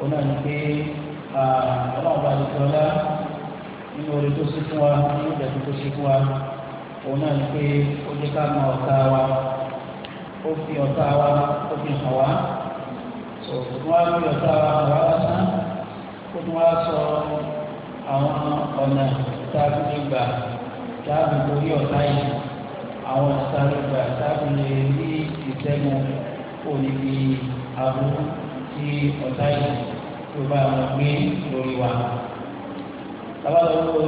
òun náà ní pé ọlọ́run bá dùkú ọlá nínú orí tó ṣe fún wa nínú ìdẹ̀kùn tó ṣe fún wa òun náà ní pé ó jẹ́ ká mọ ọ̀tá wa ó fi ọ̀tá wa ó fi hàn wá òun wá fi ọ̀tá wa hàn wá lásán ó tún wá sọ àwọn ọ̀nà tá a fi lè gbà tá a fi borí ọ̀tá yìí àwọn ọ̀nà tá a lè gbà tá a fi lè rí ìṣẹ́gun òní bíi àbúrò tí ọ̀tá yìí tó bá wọn gbé lórí wa. bàbá lọ wọ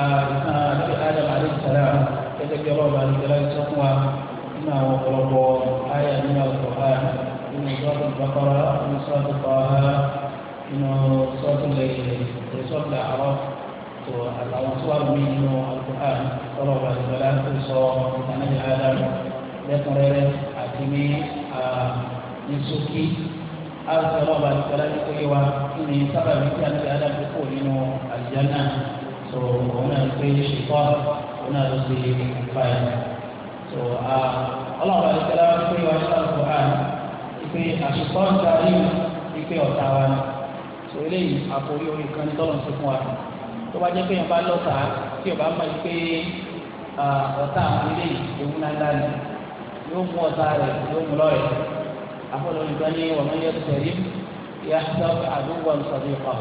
àìsàn àti adam àdìsára gẹ́gẹ́ bí ọlọ́ọ̀bà àdìsára sọ fún wa nínú àwọn ọ̀pọ̀lọpọ̀ ayé nínú ọ̀pọ̀ ha nínú sọ́ọ̀tù bàkọ́rọ́ nínú sọ́ọ̀tù kọ́ọ̀há nínú sọ́ọ̀tù lẹ́yìn sọ́ọ̀tù àárọ̀ tó àtàwọn tó wà mí nínú àlùkò ọlọ́ọ̀bà àdìsára tó sọ ìtànàjì adam lẹ́kùnrẹ́rẹ́ àti ní àwùjọ ọlọ́ọ̀bà ti kọ́lá ní kóyé wa kí ni sábà mi kí àti adájú kò nínú àlùjánnà tó òun náà pé ṣèkọ́ òun náà ló ṣe ìfà ẹ̀ tó ọlọ́ọ̀bà ti kọ́lá ní kóyé wa nípa ìfọ̀ àn ìpè àṣìkọ́ ń darí ìpè ọ̀tá wa ni tó eléyìí àkórí orí kan ní tọ́lọ̀ sí fún wa pé yẹn bá lọ́ta tí yóò bá mọ̀ pé ọ̀tá àwọn eléyìí òun yóò mú ọ̀tá rẹ̀ yóò mú lọ́rẹ̀ẹ́ àfọlọ́ nìkan ní wọ́n máa ń yẹ tẹ̀lé yá sọ àdúgbò sọ̀rọ̀ ìkọ̀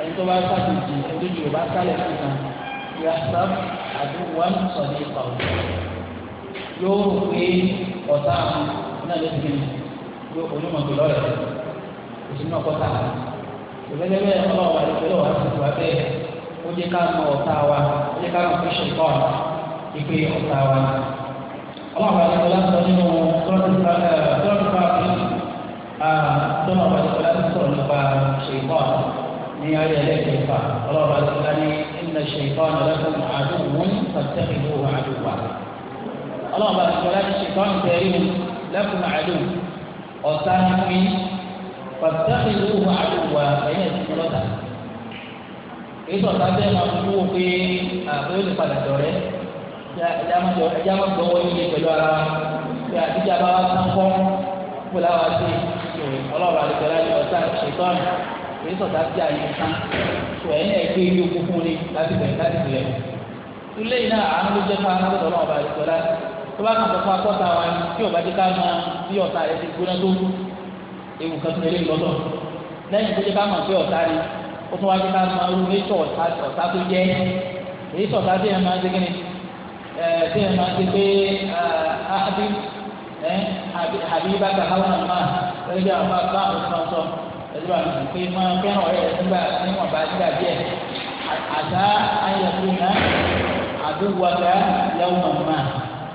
ẹni tó bá sàtìtì ẹni tó bá sálẹ̀ sí kan yá sọ àdúgbò sọ̀rọ̀ ìkọ̀ yóò rò pé ọ̀tá náà ló ti gbìn yóò onímọ̀ tó lọ́rẹ̀ òsínú ọ̀kọ́ta ìgbẹ́lẹ́gbẹ́ ọlọ́wà ìgbẹ́lẹ́ wà sí ìwà bẹ́ẹ̀ ó jẹ́ ká mọ ọ̀tá wa ó jẹ́ ká mọ fíṣẹ̀ kọ́ ìpè ọ̀tá wa. الله عليه وسلم nínú sọ́ọ̀tì fáàkì tọ́lá ọba ìṣẹ̀lá ti sọ̀rọ̀ nípa ṣèkọ́n ní ayé ẹlẹ́kẹ̀ẹ́fà ọlọ́run ọba ìṣẹ̀lá ní inna ṣèkọ́n lakum aduwwun fattakhidhuhu aduwwa. ọlọ́run ọba ìṣẹ̀lá ní ṣèkọ́n tẹ̀rí lakum aduwwun ọ̀tá ní kí fattakhidhuhu aduwwa ẹ̀yìn ẹ̀sìn lọ́tà. èyí tọ̀tà bẹ́ẹ̀ máa fún wọ́n pé àbẹ́wò ẹja máa jọ ẹja máa gbọ́ wọ́n yíyé pẹ̀lú ara wa pé àdíjà bá wá sán kọ́ kó láwa sí ọlọ́ọ̀rọ̀ àdìgbẹ́lá ní ọ̀sá ṣètọ́n èyí sọ̀tà sí àyè kan tó ẹ̀yìn ẹ̀ gbé ilé okun fún ni láti bẹ̀rẹ̀ láti bẹ̀rẹ̀. ilé yìí náà àánú ló jẹ́ fún aráàlú ọlọ́ọ̀rọ̀ àdìgbẹ́lá tó bá kàn fún akọ́ta wa tí ò bá dé ká mọ bí ọ̀tá rẹ̀ ti gbóná tó ewu kan tún lé lọ́tọ̀ lẹ́yìn tó dé ká mọ̀ pé ọ̀tá ni ó tún wá dé ká mọ irú ọ̀tá tó jẹ́ èyí sọ̀tá sí ẹ̀ máa ń dé ni tí ẹ máa ti pé ábí àbíbá kàháwá náà máa lórí àwọn máa bá àwọn tó ń sọ ẹ̀sìn bá mi pé máa fẹ́ràn ọ̀rẹ́ rẹ̀ nígbà níwọ̀n bá nígbà díẹ̀ àtà ayẹ̀kú náà àdúgbò àgbà yàwó màmá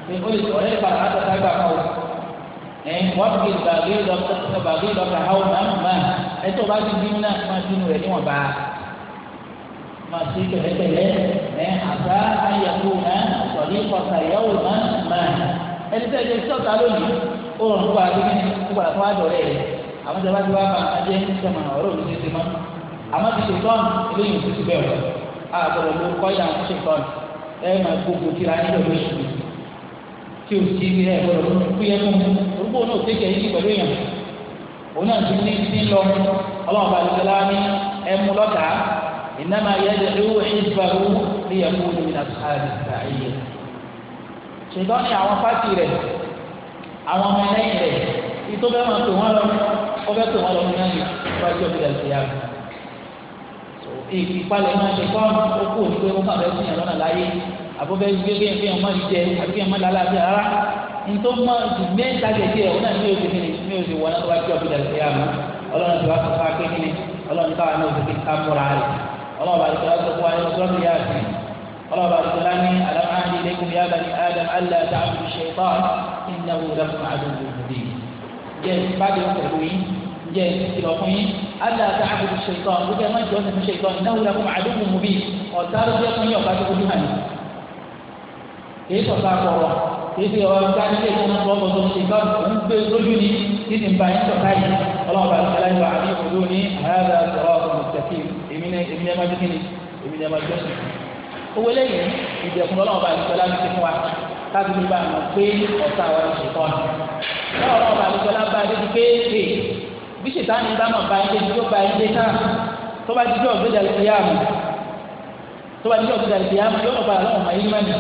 pé ó lè sọ ọ̀rẹ́ bàtà àtàtà gbà kọ́ wọ́n fi gbàgbé lọ́kàháwá náà máa ẹ̀tọ́ bá ti bínú náà máa bínú rẹ̀ níwọ̀n bá. máa na pẹ̀lẹ́pẹ̀lẹ́ ẹ̀ àbá ayẹ̀kú náà sọ̀rí kọ̀ọ̀kan na máa máa ẹni tẹ́lẹ̀ tí ọ̀tá lónìí ó rọrùn fún ní padà fún àjọrẹ́ rẹ̀ àwọn tí bá ti wá bá ajé ń sọmọ ọ̀rọ̀ òní ti mọ́ àmọ́ ti ṣètọ́n eléyìí ti ti bẹ̀rẹ̀ àgbọ̀dọ̀ ló kọ́ yà ń ṣètọ́n ẹ máa gbogbo kíra nílò lóṣù tí o ti rí ẹ gbọ́dọ̀ kú yẹ fún mi na náà tẹkẹ yìí pẹ̀lú èèyàn òun náà ti ní ti lọ ní ẹmu إنما يدعو حزبه ليكون من أصحاب السعير ṣètọ́ ni àwọn pátì rẹ̀ àwọn ọmọ ẹlẹ́yìn rẹ̀ ìtò من máa tò wọ́n lọ ó bẹ́ẹ̀ tò wọ́n lọ fún ẹ̀yìn wájú ọ̀gbìn ẹ̀sìn yàrá ìpalẹ̀ máa ṣe kọ́ ó kú òní pé ó kàn bẹ́ẹ̀ fún yàrá náà láyé àbúbẹ́ gbé bí ẹ̀fín ọmọ yìí jẹ àbí kí ẹ̀ má lálàáfíà rárá ntọ́ mọ ìdùnnẹ́ ìdájẹ́jẹ́ ẹ̀ ọ̀nà ní oṣù kìíní ní oṣù wọn wájú ọ̀gbìn ẹ̀sìn yàrá ọlọ́run ti wá fún fún akéwìn ọlọ́run káwọn náà oṣù kìíní ká múra rẹ̀ ọlọ́ọ̀bà àdìsọ́lá sọ fún wa nínú sọ́ọ̀tì yá àti ọlọ́ọ̀bà àdìsọ́lá ní alam ahdi ilaykum ya bani adam alla ta'budu shaytan innahu lakum aduwwun mubin. ǹjẹ́ báàgì ń pẹ̀lú yín ǹjẹ́ ìkìlọ̀ fún yín alla ta'budu shaytan gbogbo ẹ̀ má jọ sẹ́fún shaytan innahu lakum aduwwun mubin ọ̀tá ló jẹ́ fún yín ọ̀tá tó kojú hàn yín. kìí sọ̀tà kọ̀ọ̀rọ̀ kìí fi ọ̀rọ̀ gbé lójú ni títí ń ba yín sọ̀tà yìí ọlọ́ọ̀bà àdìsọ́lá yìí wà á ní òdo ní àyàgbà sọ̀rọ̀ èmi ní èmi ní ẹ máa dúkìá ni èmi ní ẹ máa jọ́sìn owó lẹ́yìn ìdẹ̀kùn lọ́wọ́ bá àdìsọ́lá ń ti fún wa káàbí ní bá àwọn pé ọ̀tá wa ti ṣètọ́ àná lọ́wọ́ lọ́wọ́ bá àdìsọ́lá bá débi pé pé bí ṣètánì bá mọ̀ bá ilé tó bá ilé náà tó bá dídọ̀ tó dàlù sí yàmù tó bá dídọ̀ tó dàlù sí yàmù yóò bá lọ́wọ́ máa yín mọ́ni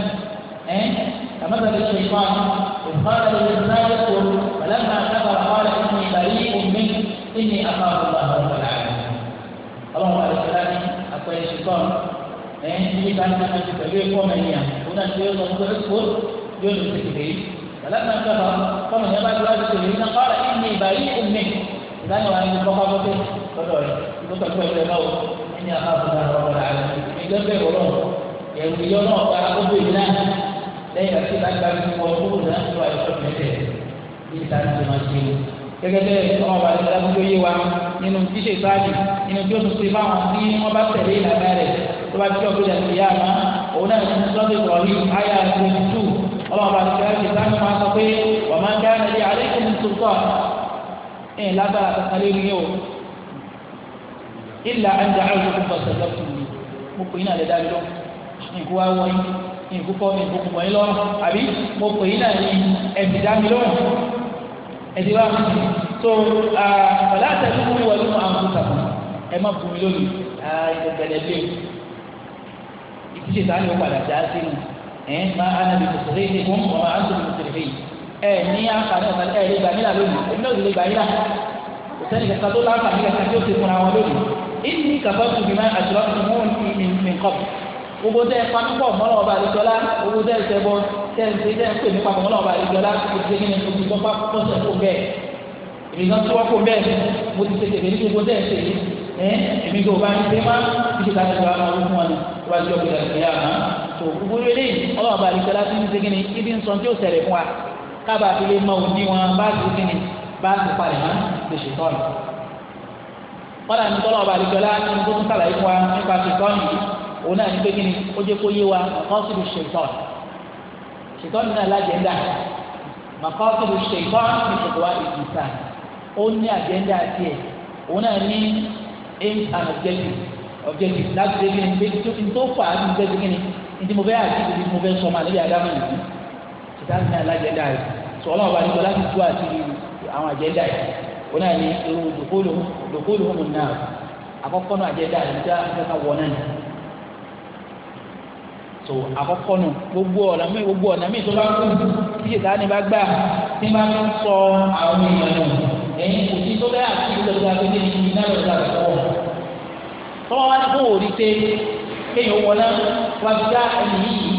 ẹ́ ọlọ́run àdìsọ́lá ní àpẹẹrẹ ṣùgbọ́n ẹ̀ níbi bá ti máa ti pẹ̀lú ẹ̀kọ́ mẹ́yìn à ó náà ti yọ pé ó yóò lè ti kéré ọ̀lànà ìjọba tọ́mọ yẹn bá ti wá ti kéré náà kọ́ ọ̀rọ̀ ìní ìbàrí omi ìdáná wa ni kọ́kọ́ tó tẹ lọ́dọ̀ rẹ̀ ìgbọ́tọ̀ tó ẹgbẹ́ náà ẹni àbáfúnà ọ̀rọ̀ rẹ̀ ẹgbẹ́ bẹ́ẹ̀ wọ́n náà ẹ̀rù ìyọ́ náà para ó bèèrè náà lẹ́yìn àti ìdájọ́ àti ìwọ̀n gẹ́gẹ́ bẹ́ẹ̀ ọmọ bàtí ìdájọ́ yé wa nínú tíṣe ìbáàdì nínú tí ó tún ṣe fáwọn tí wọ́n bá tẹ̀lé ìlànà rẹ̀ tó bá tíjọ́ gbọ́dọ̀ sí yá àmọ́ òun náà tún sọ́dọ̀ ìrọ̀lì àyà twenty two ọlọ́run bá ti ṣe sáà ní máa sọ pé wọ́n máa ń dá ẹni alẹ́ kí ni tó tọ̀ ẹ̀ lágbára kankan lé ní o ilà ẹnjẹ àìsàn tó sọ̀tọ̀ fún mo pè yín àlẹ́ dáadọ́ mi lọ́rùn ẹ̀dí wa tó ọ̀là àtẹ̀lẹ́ fún wọlé mọ́ àwọn kúta ẹ má bùnmi lórí ìgbẹ̀lẹ̀ lé ìdíje sáà ni ó padà já sí mi ẹ̀ máa ana bí mùsùlùmí ní kún ọmọ àti mùsùlùmí ẹ̀ ní àǹfààní ọ̀nà ẹ̀ lè gbà nílà lónìí èmi náà lè gbà nílà kò sẹ́ni kẹta tó láǹfààní kẹta tó ti fún àwọn lónìí ìní kàfá tùbí máa àjọ gbogbo tẹ pàmípọ̀ mọ́lọ́ ọba àdìjọ́lá gbogbo tẹ ìṣẹ́bọ tẹ ìṣe tẹ ìpè ní papọ̀ mọ́lọ́ ọba àdìjọ́lá kò ti ní ojú tó bá pọ̀sẹ̀ kó bẹ́ẹ̀ èmi kan tí wọ́n kó bẹ́ẹ̀ mo ti ṣe tèmi ní gbogbo tẹ ìṣe yìí ẹ èmi kò bá ń ṣe má ìṣe ká ti gba ọmọ ọdún fún wa ní wọ́n ti ọ̀gbìn àti ìyá àmọ́ tó gbogbo eléyìí ọlọ́ ọba àdìjọ́lá ti ń ṣe kí ni ibi ń sọn tí ó ṣẹlẹ̀ fún wa kábàá fi lè mọ òní wọn bá ti kí ni bá òun náà ní pé kí ni ó jẹ́ kó yé wa maqasidu shaitan shaitan ní náà lájẹ̀ndà maqasidu shaitan ní ṣètọ́wá ìgbìsà ó ní àjẹ́ndà tiẹ̀ òun náà ní aim and objective objective láti ṣe kí ni pé tó fà á ti ṣe kí ni ìdí mo fẹ́ àti ìdí mo fẹ́ sọ ma níbi àdámọ̀ yìí shaitan ní náà lájẹ̀ndà rẹ̀ sọ ọlọ́run bá nígbà láti tú àti àwọn àjẹ́ndà yìí òun náà ní irú dòkólùhùn náà àkọ́kọ́ náà àjẹ́ndà rẹ̀ ní tó àkọ́kọ́ nù gbogbo ọ̀nà mi gbogbo ọ̀nà mi tó bá kú tí ìta ni bá gbà tí bá ń sọ àwọn èèyàn nù ẹ̀yin kò sí tó bẹ́ẹ̀ àti ìlú ọ̀gá gbẹ́dẹ́ ní iná ìlú ọ̀gá tọ́wọ́ tọ́wọ́ wá ní kó wò rí pé kéèyàn wọlé wá ti dá ẹni yìí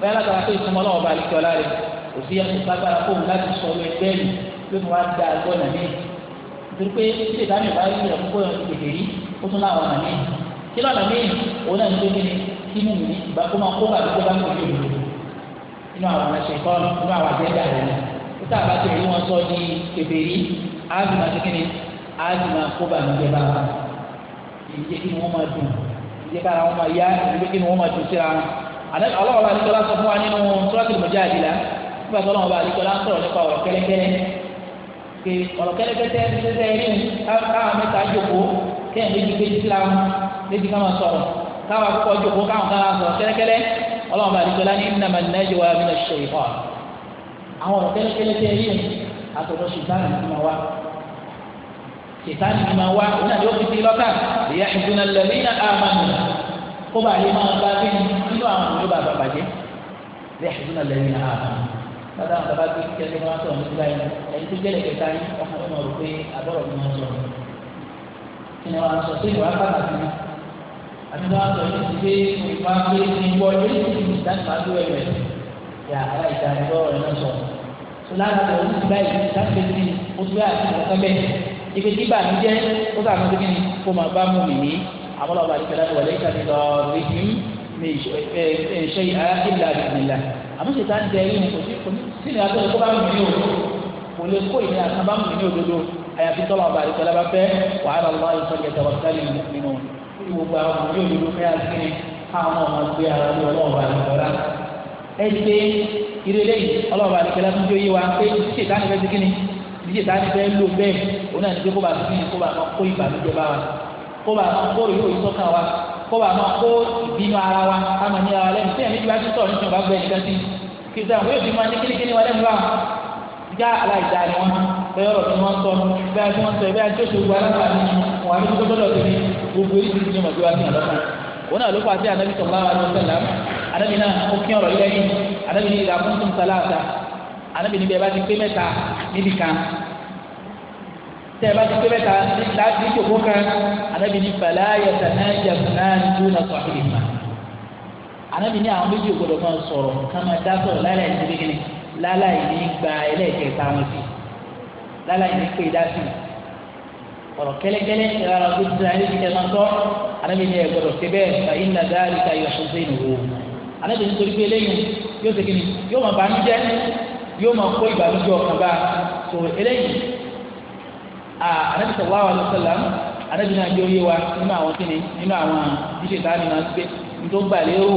bẹ́ẹ̀ látara pé ìtumọ̀ náà ọba àlejò ọ̀la rẹ̀ kò sí ẹni lágbára fóun láti sọ ọ̀rọ̀ ẹgbẹ́ rẹ̀ pé mo wá da agbọ́nà mi nítorí pé tí ìta mi bá rí ìrẹ̀kúkọ́ yọ̀ kí ni ìlú ìgbà kó máa kó bàbá tó bá ń pèlú ìlú inú àwọn ẹ̀ṣẹ̀ kọ́ inú àwọn àjẹ́dá rẹ̀ ni ó tà bá tẹ̀lé wọn sọ di kèbèrí áàdùn àti kíni áàdùn máa kó bàbá jẹ bá wa ìjẹ́ kí ni wọ́n máa dùn ìjẹ́ kára wọn máa yá ìjẹ́ kí ni wọ́n máa dùn síra wọn. ọlọ́wọ́ bá nítorí sọ fún wa nínú sọ́ọ́tì mọ̀jáàdìlá nígbà tó ọlọ́wọ́ bá nítorí sọ̀rọ̀ nípa ọ̀rọ̀ kẹ́lẹ́kẹ́lẹ́ ke ọ̀rọ̀ kẹ́lẹ́kẹ́tẹ́ tẹ́tẹ́ ẹ̀rín káwọn mẹ́ta jókòó kẹ́hìn méjì káwa kọ́kọ́ jókòó káwọn kan sọ kẹ́lẹ́kẹ́lẹ́ ọlọ́run bá àdìgbọ́lá ní nàmà nàìjíríà wà nínú ṣe ìfọ̀ àwọn ọ̀rọ̀ kẹ́lẹ́kẹ́lẹ́ tẹ́ yé àtọ̀dọ̀ ṣùgbọ́n àti máa wá ṣùgbọ́n àti máa wá òun àti òfin ti lọ́kà ìyá ìdúná lẹ́mìnà àmàlù kó bá yé máa bá bí nínú àwọn òṣèlú bàbá bàjẹ́ ìyá ìdúná lẹ́mìnà àmàlù bàbá àwọn bàbá bí kẹ́lẹ́ wọn sọ sí ìwà pàtàkì àbí wọn sọ yìí ti pé ìfà pé ìwọ yóò ti di ìdánimàdó ẹ̀rẹ̀ yà á ìdánimọ̀ rẹ̀ náà sọ. sọlára lọ sí báyìí sáfẹ́ sí oṣù àti ìrọ̀kẹ́ bẹ́ẹ̀ ibi tí bàmí jẹ́ ó sàmì sí kíni kó máa bá mú mi ní àmọ́lọ́ba àti ìfẹ́lá wọlé ìkàlẹ̀ lọ rí kí mi ṣe ìlà ìgbìlà àmọ́ ṣètà ń jẹ yín kò sí ní àtọ́ kó bá mú mi ní òdodo kò lè kó ìní àtàn bá mú mi ní òdodo àyàfi tọ́lọ̀ ọba àti ìfẹ́lá bá fẹ́ wàhálà lọ́wọ́ ìfẹ́lẹ̀ tẹ̀wọ̀ tí gbogbo àwọn ọmọ yóò lò fẹ́ àti àwọn ọmọ gbé ara ní ọlọ́ọ̀bà àlùkọ́lá ẹ ṣe ìrẹ̀lẹ̀ yìí ọlọ́ọ̀bà àlùkọ́lá tó yé wa pé ìdíje tá a ní fẹ́ sí ìdíje tá fẹ́ lò bẹ́ẹ̀ òun náà ní pé kó bá sí kó bá kó ìbànújẹ́ bá wa kó bá máa kó ìró ìsọ́kàn wa kó bá máa kó ìbínú ara wa ká ní ara lẹ́nu sẹ́yìn níbi wá bá wọn já bẹ́ẹ̀ ọ̀rọ̀ ni wọ́n sọ bẹ́ẹ̀ tí wọ́n sọ bẹ́ẹ̀ tí ó ṣe gbogbo aláǹfààní wọn àti gbogbo lọ́dọ̀ tó ní gbogbo èyí ti ní màgbé wa ní àlọ́kàn òun náà ló fà á sí anabi sallallahu alaihi wasallam anabi náà ó kí ọ̀rọ̀ yẹ yín anabi ní ìlà kúntùm sàlàtà anabi níbi ẹ bá ti pé mẹ́ta níbi kan tẹ ẹ bá ti pé mẹ́ta láti ìjòkó kan anabi ní fàlà yàtà náà jàpù náà ní dúnà sọ̀hìlì mà anabi ní àwọn méjì ògbọ́dọ̀ máa sọ̀rọ̀ ká máa dá sọ̀rọ̀ láláì ní gbígbín láláì ní gba ẹlẹ́ẹ̀kẹta wọn sí láláì ní pé ìdásí ọ̀rọ̀ kẹ́lẹ́kẹ́lẹ́ ìrara ọdún tí ayé ti kẹ́ máa tọ́ anábì ní ẹ̀gbọ́dọ̀ ṣe bẹ́ẹ̀ ṣe iná dáàrí ká yọ ṣoṣe ìnùwò anábì ní torí pé eléyìí yóò ṣe kíni yóò máa bànújẹ́ yóò máa kó ìbànújẹ́ ọkàn bá so eléyìí anábì sallallahu alaihi wasallam anábì náà yóò yé wa nínú àwọn kíni nínú àwọn iṣẹ́ ìtaàní máa gbé nítorí gbà lérò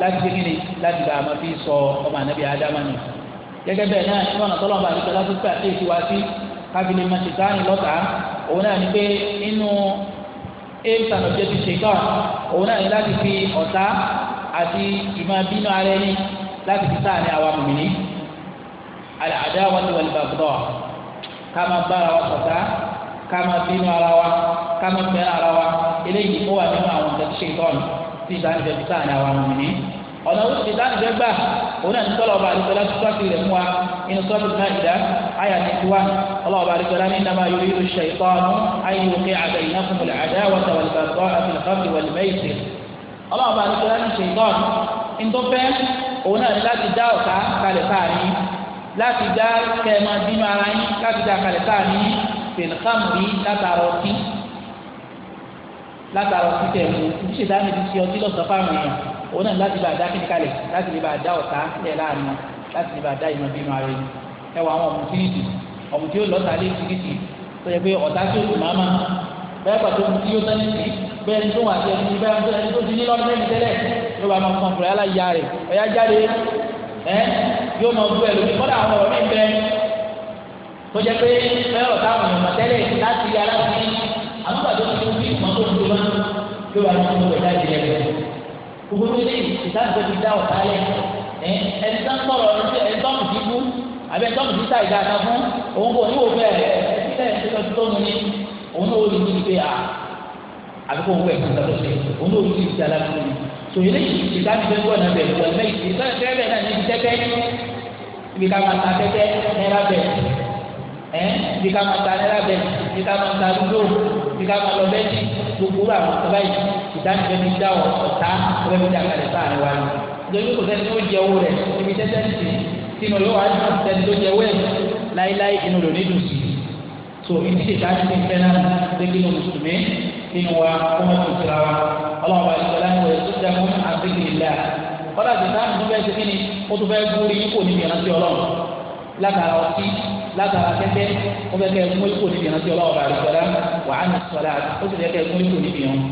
láti ṣe kíni láti bá a máa fi sọ ọmọ anábì ádámà ni gẹ́gẹ́ bẹ́ẹ̀ náà kábìlì mẹsìtánì lọ́tà òun náà ní pé inú éèmùsà lọ́jọ́ ti ṣe tán òun náà ní láti fi ọ̀tá àti ìmọ̀ bínú ara ẹni láti fi sáà ní àwa mùmìnì àdá wọn ti wọlé bàbúrò ká máa bá ara wa sọ̀tá ká máa bínú ara wa ká máa fẹ́ràn ara wa eléyìí kó wà nínú àwọn ìtọ́jú ṣe tán tí ìdánilẹ́bí sáà ní àwa mùmìnì ọ̀nà òṣìṣẹ́ ìdánilẹ́gbà òun náà ní sọ́lá ọba àdìsọ́lá tó sọ́ọ̀tì rẹ̀ mú wa inú sọ́ọ̀tì náà ìdá àyà ní tiwa ọlọ́wọ́ ọba àdìsọ́lá ní nàmá yorì yorì ṣàìtọ́nù ayé òkè àgbà iná fún mi àdá wọn tàwọn ìgbàgbọ́ àti ìkọ́fì wọn lè mẹ́yìí ọlọ́wọ́ ọba àdìsọ́lá ní ṣàìtọ́nù ntọ́fẹ́ òun náà ní láti dá ọ̀tá kalẹ̀ káàrin láti dá kẹ́ẹ̀má bínú ara yín láti dá kalẹ̀ káàrin fèlkàmùrí látara ọtí látara ọtí òun náà láti bá a dá kí n kalẹ̀ láti lè bá a dá ọ̀tá lẹ̀ láàrin wọn láti lè bá a dá ìmọ̀ bínú ara ẹni ẹ wọ àwọn ọ̀mù tìrìtì ọ̀mù tí ó lọ́ta lé tìrìtì tó yẹ pé ọ̀tá tí tù máa máa bẹ́ẹ̀ pàtó mu tí ó tán nìkì bẹ́ẹ̀ ni tó wà sí ẹni bẹ́ẹ̀ ẹni tó ti ní lọ́dún mẹ́rin tẹ́lẹ̀ ló bá máa fọn fúnra yá rẹ̀ ọ̀yá jáde ẹ yóò máa bú ẹlòmíì kọ́dà àwọn ọ̀rọ̀ mi bẹ́ẹ̀ tó jẹ́ gbogbo ilé ìtàgbẹ́ ti dá ọ̀tá lẹ̀ ẹni tó ń sọ̀rọ̀ ẹni tó ń dìbò àbí ẹni tó ń dìtà ìdá kan fún òun kò ní wò fẹ́ ẹ̀ ẹ̀ ẹ̀ tó ń ní òun náà ó lè ní ìgbé à àbí kò ń wẹ̀ fún ìtàgbẹ́ ṣe òun náà ó lè ní ìgbé alágbèrè tò ilé ìtàgbẹ́ ń bọ̀ náà bẹ̀rù ọ̀lẹ́ ìtàgbẹ́ bẹ̀rẹ̀ náà ní ibi tẹ́tẹ́ ibi ká ẹ bí ká máa ta náírà bẹ́ẹ̀ bí ká máa ta lúdò bí ká máa lọ bẹ́ẹ̀ tí gbogbo àwọn ọ̀tá báyìí ìdánilẹ́ mi dá ọ̀tá ọ̀rẹ́ mi dá kalẹ̀ sáà níwá ni lórí kò sẹ́ni tó jẹ owó rẹ̀ ibi tẹ́tẹ́ sí sínú yóò wá dùn sẹ́ni tó jẹ owó rẹ̀ láíláí inú rẹ̀ ní dùn sí so ìdí ìdájọ́ ti fẹ́ náà lé kí ló mùsùlùmí nínú wa kó mọ̀ tó tira wa ọlọ́run bá ìṣẹ̀lá ń wọ̀ tó dẹ́kun àfikìlì lẹ́à ọlọ́run ti sáà ń tún bẹ́ẹ̀ ṣe kí ni ó tún bẹ́ẹ̀ gbúrí kò ní ìrántí ọlọ́run látara ọtí látara tẹ́tẹ́ ó fẹ́ kẹ́ mú ikú níbi ìrántí ọlọ́wọ́ bàrẹ̀ sọ̀rọ̀ wà á nà sọ̀rọ̀ ó sì fẹ́ kẹ́ mú ikú níbi ìrántí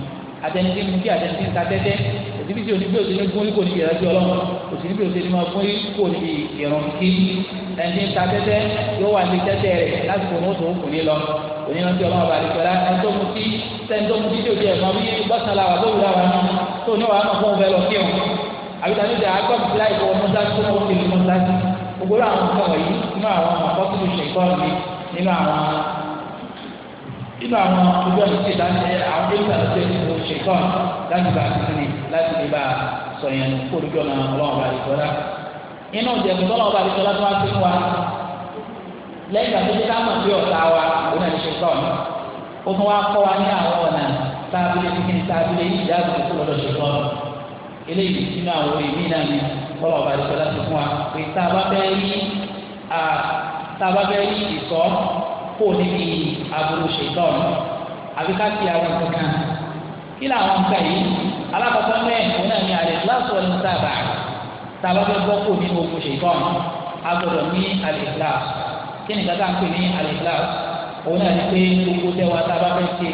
atẹnudí mu kí atẹnudí ta tẹ́tẹ́ òsibí tí onígbé òsibí gún ikú níbi ìrántí ọlọ́wọ́ òsibí tí onígbé máa gún ikú níbi ìrántí ẹni ta tẹ́tẹ́ yóò wà ní tẹ́tẹ́ rẹ̀ lásìkò mọ́tò òkùnrin lọ onírántí ọlọ́wọ́ bàrẹ̀ sọ̀rọ̀ ẹni tó mu tí sẹ́ni tó mu tí tí òjì ẹ̀ àbíkàlí ìdá agbọ́n fúláì fún ọmọ sáà tó ń fi lè mọ́ sáà gbogbo àwọn nǹkan wọ̀nyí nínú àwọn àkọsílù ṣèkọ́ọ̀lù mi nínú àwọn nínú àwọn ojú ọ̀nà tí ìdáni àwọn ojú ọ̀nà tí ìdáni ṣèkọ́ọ̀lù láti bá àtúntì láti lè bá sọ̀yẹn kó ojú ọ̀nà ọlọ́run bá lè tọ́lá inú ìjẹ̀bù tọ́lọ́run bá lè tọ́lá tó wá sí wa lẹ́yìn ìgbà tó ti dáhùn sí ọ̀tá wa òun náà ṣèkọ́ọ̀lù ó tún wá kọ́ wa ní àwọn ọ̀nà tábìlì kíkìnì tábìlì yìí dáàbò sọlọ ọba ìṣọlá ti fún wa pé tá a bá fẹ́ rí a tá a bá fẹ́ rí ìsọ kó o níbi aburú ṣètọ́n àbí ká ti àwọn kankan kí làwọn nǹkan yìí alákọ̀ọ́kọ́ mẹ́ẹ̀ òun náà ní alẹ́ láti wọlé ní sábà tá a bá fẹ́ bọ́ kó o nínú ṣètọ́n a gbọ́dọ̀ ní alẹ́ gíláàsì kí ni kàtà ń pè ní alẹ́ gíláàsì òun náà ní pé gbogbo tẹ́wọ́ tá a bá fẹ́ ṣe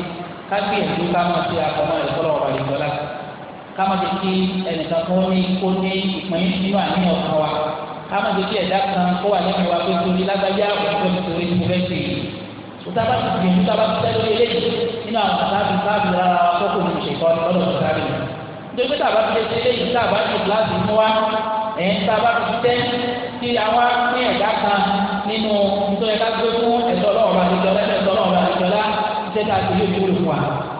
ká gbìyànjú ká máa ṣe àkọ́mọ́ ìfọlọ́wọ́ káma jẹ kí ẹnìkan kó ní kó ní ìpín nínú àníyàn ọkàn wa káma jẹ kí ẹ̀dá kan kó wà lẹ́nu wa pé torí lágbájá òṣìṣẹ́ mi torí mo fẹ́ ṣe yìí òtaba ti gbìyànjú taba ti tẹ́lẹ̀ eléyìí nínú àwọn àtàbí sáàbì rárá wa kókò ní ìṣèkọ́ ní lọ́dọ̀ tó sáré yìí nítorí pé tàbá ti tẹ́lẹ̀ eléyìí tàbá ti kíláàsì mú wa ẹ̀ ń tàbá ti tẹ́ kí àwa ní ẹ̀dá kan nínú nítorí ká gbé fún ẹ̀tọ́ ọlọ́ọ̀bà àdìjọ́lá ẹ̀tọ́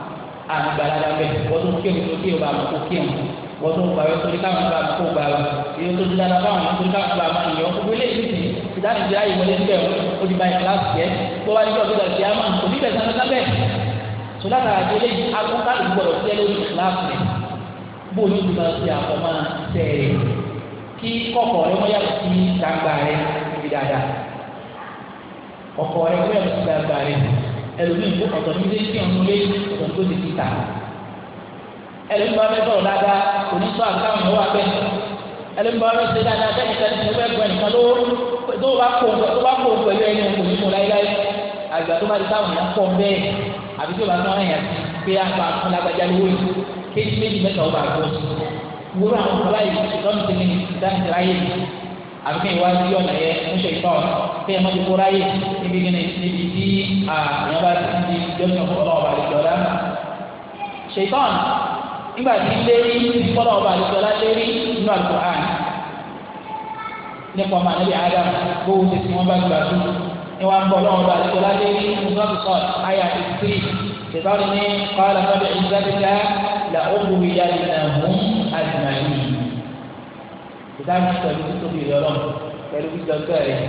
àgbàlagbà bẹ wọ́n kéwù tó kéwù bá kó kéwù wọ́n tó gbà wọ́n torí káwọn bá kó gbà wọ́n èyí tó ti dára fáwọn torí káwọn bá máa yọ gbogbo ilé ìdíje ìdáni ìdíra yìí wọlé síbẹ̀ ó ti ba yàrá jẹ́ kó wá níjọ́ tó dàgbé àmà òbí bẹ̀ sanu lábẹ́ sọlá kàrà dé lé akó káàdì gbọdọ̀ sí ẹ lórí kíláàsì rẹ̀ bó ní ìdúgbà sí àkọ́mọ́ tẹ̀ kí kọ̀kọ̀ rẹ̀ mọ́ yàtọ̀ sí gbàgbà rẹ̀ níbi dáadáa kọ̀kọ̀ rẹ̀ mọ́ yàtọ̀ sí gbàgbà rẹ̀ ẹlòmíì kó ọ̀tọ̀ ní ilé tí ọ̀nù lé ọ̀tọ̀ tó ti kíta ẹlòmíì bá fẹ́ sọ̀rọ̀ dáadáa kò ní sọ àkáwọn ìwà bẹ́ẹ̀ ẹlòmíì bá fẹ́ ṣe dáadáa sẹ́nìkan ní ìwé ẹgbẹ́ nìkan tó tó bá kó tó bá kó pẹ̀lú ẹni kò ní mú láéláé àgbà tó bá di táwọn èèyàn pọ̀ bẹ́ẹ̀ àbí tó bá tó ẹ̀yàn pé àgbà fún lágbájá lówó yìí kéjì méjì mẹ́ta ọba àgbọ̀ wúrọ̀ àwọn ọba yìí lọ́nà àbí kí ìwà sí ọ̀nà yẹ ńṣe ìtọ́ kí ẹ má ti kóra yìí níbi gíní níbi tí àwọn bá ti di jọ́sìn fún ọlọ́ọ̀bà àdìsọ́lá. ṣètọ́n nígbà tí lérí ti fọlọ́ọ̀bà àdìsọ́lá lérí nínú àlùkò àn nípa ọmọ àlẹ́ adam gbówó ti fi wọ́n bá gbà tó ni wọ́n bọ̀ lọ́wọ́ bá àdìsọ́lá lérí nùsọ́tùsọ́ àyà ìtìrì ṣètọ́n ní kọ́ ìdáhùn pẹ̀lú títóbi ìrọ̀lọ́ pẹ̀lú gbígbẹ́gbẹ́ rẹ̀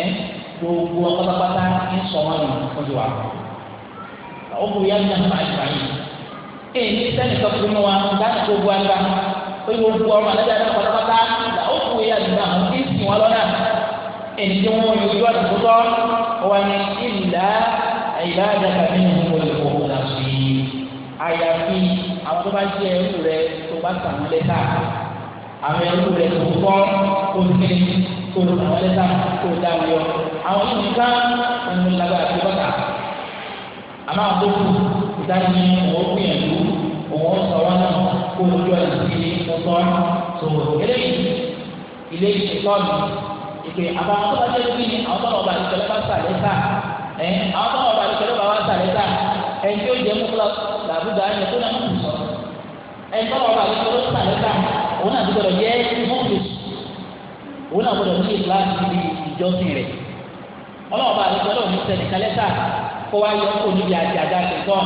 ẹ́ gbogbo ọ̀pọ̀lọpọ̀ta ń sọ wọn nù fún ti wà. ọkùnrin yẹn ń yàn máa ń gbà yìí. ee ní sẹ́ni sọ fún mi wa láti gbogbo àgbà ó yẹ gbogbo ọmọ àlejò àti ọ̀pọ̀lọpọ̀ta là ọkùnrin yẹn ń gbà wọn kí sìn wọn lọ́nà. ẹni tí wọn yóò yọ àdúgbò tọ́ wọn ni ìlà ìlà àdàkà nínú olùkọ́ àyàfi àwọn tó bá jẹ ẹrú rẹ tó bá sàmúlẹ̀ àwọn ẹrú rẹ̀ kò kọ́ kó ní kó àwọn ẹ̀dá kó dá yọ àwọn yìí nìkan ẹnu lágbára tó bàtà àmọ́ àwọn tó kù ìdájọ́ ní òun gbìyànjú òun sọ wọn náà kó ojú ọ̀nà sí ọ̀tọ̀ tó eléyìí ilé ìṣèkọ́nù ìpè àwọn tó bá jẹ́ bí àwọn tó bá ìṣẹ̀lẹ̀ bá sàlẹ̀ sà ẹ̀ àwọn tó bá ìṣẹ̀lẹ̀ bá wà sàlẹ̀ sà ẹ̀ tí ó jẹ́ mú kúlọ̀ làbúdà ẹ̀ tó náà mú sọ ẹ̀ tó bá ìṣẹ̀lẹ̀ sàlẹ̀ sà òun náà gbọ́dọ̀ jẹ́ mọ́tò òun náà gbọ́dọ̀ ní ìlànà ibi ìjọsìn rẹ̀ ọlọ́ọ̀bá àdúgbò náà ní sẹ́nìkan lẹ́tà kó wá yọ kó níbi àti àdá kẹtọ́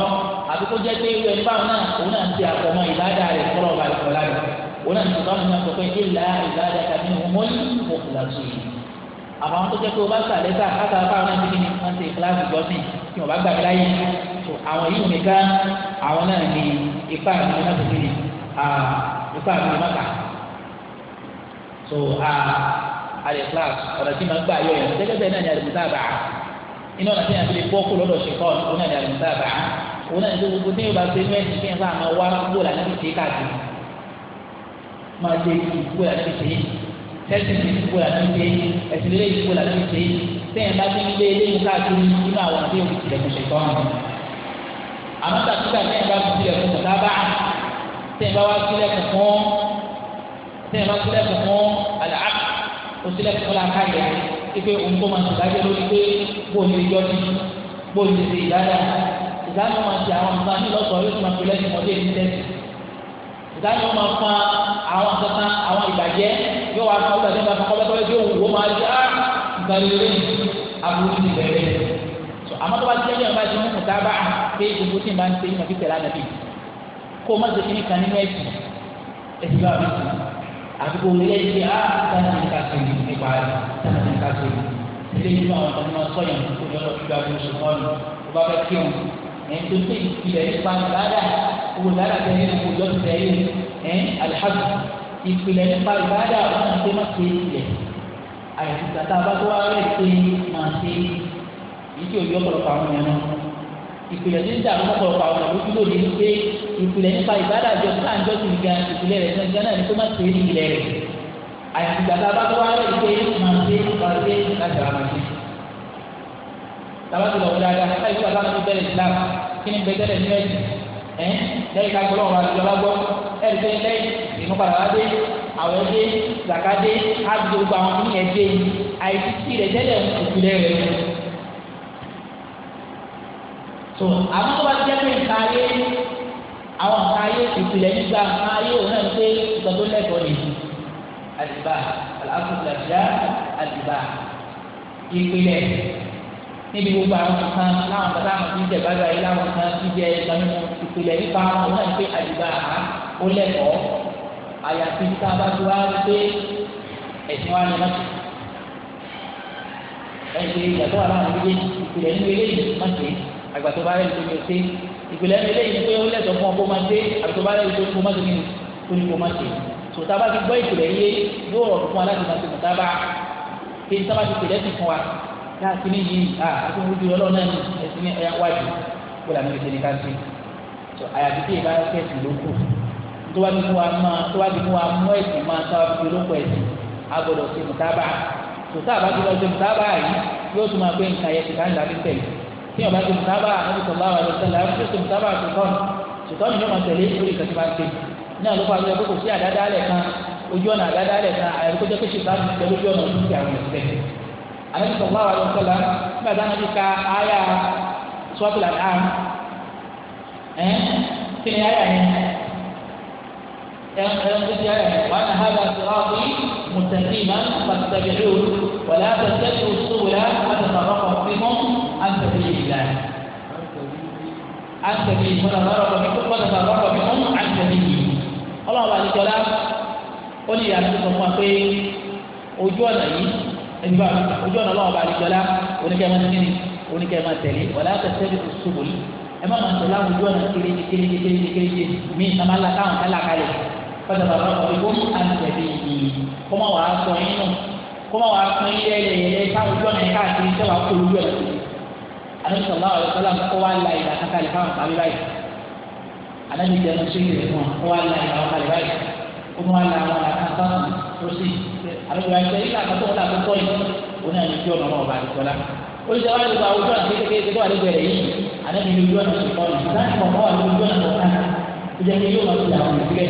àti kó jẹ́ pé irú ẹni báwọn náà òun náà ti àkọ́mọ ìbádà rẹ̀ kọ́lọ́ọ̀bá àdúgbò lánàá òun náà nìkan náà sọ pé ìlà ìbádà tàbí mọ́lì mọ́kùlàtù yìí àwọn tó jẹ́ pé o bá gbà lẹ́tà káta báwọn náà ti kí ni wọ́n ti kíláàsì gbọ́sìn kí wọ́n bá gbà láyé àwọn yìí nìkan àwọn náà ní ipa àwọn náà ti kí ni Ah, nípa àwọn ọmọkà so al-ikhlas ah, ọ̀nà tí màá gbà yọ yẹn gẹ́gẹ́ bẹ́ẹ̀ náà ni al-mutaba'a iná ọ̀nà tí yẹn ti lè bọ́ kó lọ́dọ̀ ṣe kọ́ ọ̀nà náà ni al-mutaba'a òun náà ní gbogbo tí yóò bá ṣe ní ẹ̀sìn fíjẹ́ fáwọn wá gbó lànà fi ṣe é káàkiri máa ṣe ìgbó lànà fi ṣe é ẹ̀sìn ti ìgbó lànà fi ṣe é ẹ̀sìn lé ìgbó lànà fi ṣe é sẹ́yìn bá ti ń gbé eléyìí káàkiri nínú àwọn tí yóò fi tilẹ̀ kó ṣe tọ́ àmọ́ tàbí tẹ̀yìn bá wá sílẹ̀ kọ̀ọ̀kan tẹ̀yìn bá sílẹ̀ kọ̀ọ̀kan àlàá kò sílẹ̀ kọ̀ọ̀kan láàká yẹ ipe òun tó máa tìbájẹ́ lórí pé bó lè yọ ní bó lè ṣe ìdáná ìdáná máa ti àwọn nǹkan ní lọ́sọ̀ọ́ yóò máa fi lẹ́sìn ọdẹ ní lẹ́sìn ìdáná máa fa àwọn kankan àwọn ìbàjẹ́ yóò wá fún ọgbàdé máa fọkọ́ bẹ́tọ́ yóò wò máa di á ah, nǹkan lórí àbúrò ti bẹ̀rẹ̀ àmọ́ tó bá ti jẹ́ bí wọ́n bá ti mú kùtà bá a pé gbogbo tí ì máa ń ṣe é ní kó o má ṣe kíní kan nínú ẹ̀sìn ẹ̀sìn bá mi sùn àdúgbò ilé yìí á sáyẹn ní ká ṣe ní nípa rẹ̀ sáyẹn ní ká ṣe ní ilé yìí fún àwọn ọmọ sọyìn kó ní ọlọ́dún gba bí oṣù mọ́ọ̀nù tó bá fẹ́ kí òun ẹ̀yìn tó ṣe ìpìlẹ̀ nípa ìbáàdà owó ìbáàdà tẹ̀ ní owó ìjọ tẹ̀ yìí ẹ̀yìn alihamdu ìpìlẹ̀ nípa ìbáàdà ọ̀nà tó má ṣe ilẹ̀ àyẹ̀tìtà bá tó wá rẹ̀ ṣe máa ṣe ìdí ìpìlẹ̀ ní ìdààmú ọ̀pọ̀lọpọ̀ àwọn ọ̀dọ́ tí lóde ní pé ìpìlẹ̀ nípa ìbádàjọ sáàjọ ti ga ìpìlẹ̀ rẹ̀ gangan náà ni kó má ṣe é ìpìlẹ̀ rẹ̀ àyàfi gbàgbà bá tó wá rẹ̀ pé máa ṣe máa ṣe láti ara máa ṣe. tàbá ti lọ wọlé ara láì fún abáwọn tó bẹ̀rẹ̀ Islam kí ni bẹ tẹ́lẹ̀ nílẹ̀ ẹ̀ lẹ́yìn ká gbọ́dọ̀ wọn àti ọlọ́gbọ́ ẹ̀rí pé lẹ́yìn ìmúpadà wá dé àwọn ẹdẹ zakadé á gbogbo àwọn oníyẹn dé àìsí rẹ̀ tẹ́lẹ̀ ìpìlẹ̀ rẹ̀ tó àwọn tó bá jẹ́ pé nǹkan ayé àwọn nǹkan ayé ìpìlẹ̀ nígbà nǹkan ayé òun náà ń pé tó lẹ́kọ̀ọ́ lè di àdìbà àlàáfíà àdìbà ìpìlẹ̀ níbi gbogbo àwọn nǹkan láwọn nǹkan táwọn ti ń jẹ bá báyìí láwọn nǹkan ti jẹ nǹkan nínú ìpìlẹ̀ nípa àwọn òun náà ń pé àdìbà ó lẹ́kọ̀ọ́ àyàfi tá a bá ti wá rí ẹ̀sìn wa ni ẹ̀sìn ìyàtọ̀ àwọn àwọn méjèèjì ìpìlẹ̀ nínú àgbàtọ́ bá rẹ̀ ní tóbi ọtí ìpìlẹ̀ ẹni lẹ́yìn pé ó lẹ́tọ̀ọ́ fún ọkọ̀ máa dé àgbàtọ́ bá rẹ̀ ní tóbi máa tóbi tóbi kò máa tè sòtá bá ti gbọ́ ìpìlẹ̀ yé yóò rọ̀ fún wa láti máa tèmọ̀tá bá kí n sábà ti pèlẹ́ ti fún wa láti ní yìí à àti wọ́n ju ọlọ́run náà ní ẹ̀sìn ẹ̀yà wájú kó làmì ìṣẹ̀lẹ̀ ká ti sọ àyàfi tí ìbá kẹ́sì ló kù tó wá ti mú wa máa tó wá ti mú wa mú ẹ̀sìn máa sábà fi lóko ẹ̀sìn agbọ́dọ̀ tèmọ̀tá bá sòtá bá ti lọ tèmọ̀tá bá yìí yóò tún máa gbé nǹkan ẹ̀sìn ká ń dàbí tẹ̀lé tí ọba ti mùtábà ànábì sọlá wà lọ sẹlẹ àti tó mùtábà ṣùtọ́nù ṣùtọ́nù yóò máa tẹ̀lé lórí ìkàtí máa ń ké ní àlùkò àti ẹgbẹ́ kò sí àdáda alẹ̀ kan ojú ọ̀nà àdáda alẹ̀ kan àyẹ̀kọ́ jẹ́ pé ṣùtọ́nù ti tẹ̀lé ojú ọ̀nà ojú ti àwọn ẹ̀sẹ̀ ànábì sọlá wà lọ sẹlẹ nígbà tí ànábì ka àyà sọ́tìlà dáhùn ẹ̀ kí ni àyà yẹn وأن هذا صراطي مستقيما فاتبعوه ولا تتبعوا السبل فتفرق بكم عن سبيل الله عن سبيل من ضرب منكم من ضرب منهم عن سبيله ọlọ́run bá níjọ lá ó lè yàtọ̀ sọ fún wa pé ojú ọ̀nà yìí ẹni bá ojú ọ̀nà ọlọ́run bá níjọ lá oníkẹ́ máa tẹ́lẹ̀ oníkẹ́ máa tẹ̀lé wàlá tẹ̀sẹ̀ bí sùgbò yìí ẹ má máa tẹ̀lé àwọn ojú ọ̀nà kéré kéré kéré kéré mí ìtàmà la káwọn kálá kalẹ̀ pátá bàbá ọ̀rọ̀ ìbò àtẹ̀lé yìí kó má wàá sọ yín nù kó má wàá sọ yín lẹ́yẹ̀yẹ̀ àdéhùn ọ̀la ọ̀rọ̀ sọ́lá kó wá la ìlà kankalẹ̀ fáwọn àbí báyìí àdéhùn ìjẹ́ ló ṣe ìrẹ̀ fún wa kó wá la ìlà kankalẹ̀ báyìí kó mú wa la àwọn àkàtà lọ́sí àdéhùn ìjẹ́ ìlà àkàtà wọn làkó tọ́ yìí wọn náà ní kí ọmọ ọba àdìsọ́lá ó ṣe wá lóba àwùjọ àti kékeré tó wà lẹ́gbẹ̀rẹ̀ yìí àdéhùn ìjọ náà ṣe kọ́ yìí láti mọ̀ mọ́ àwọn ìjọ náà kọ́ká ó jẹ́ pé yóò máa fi àwọn ìgbẹ́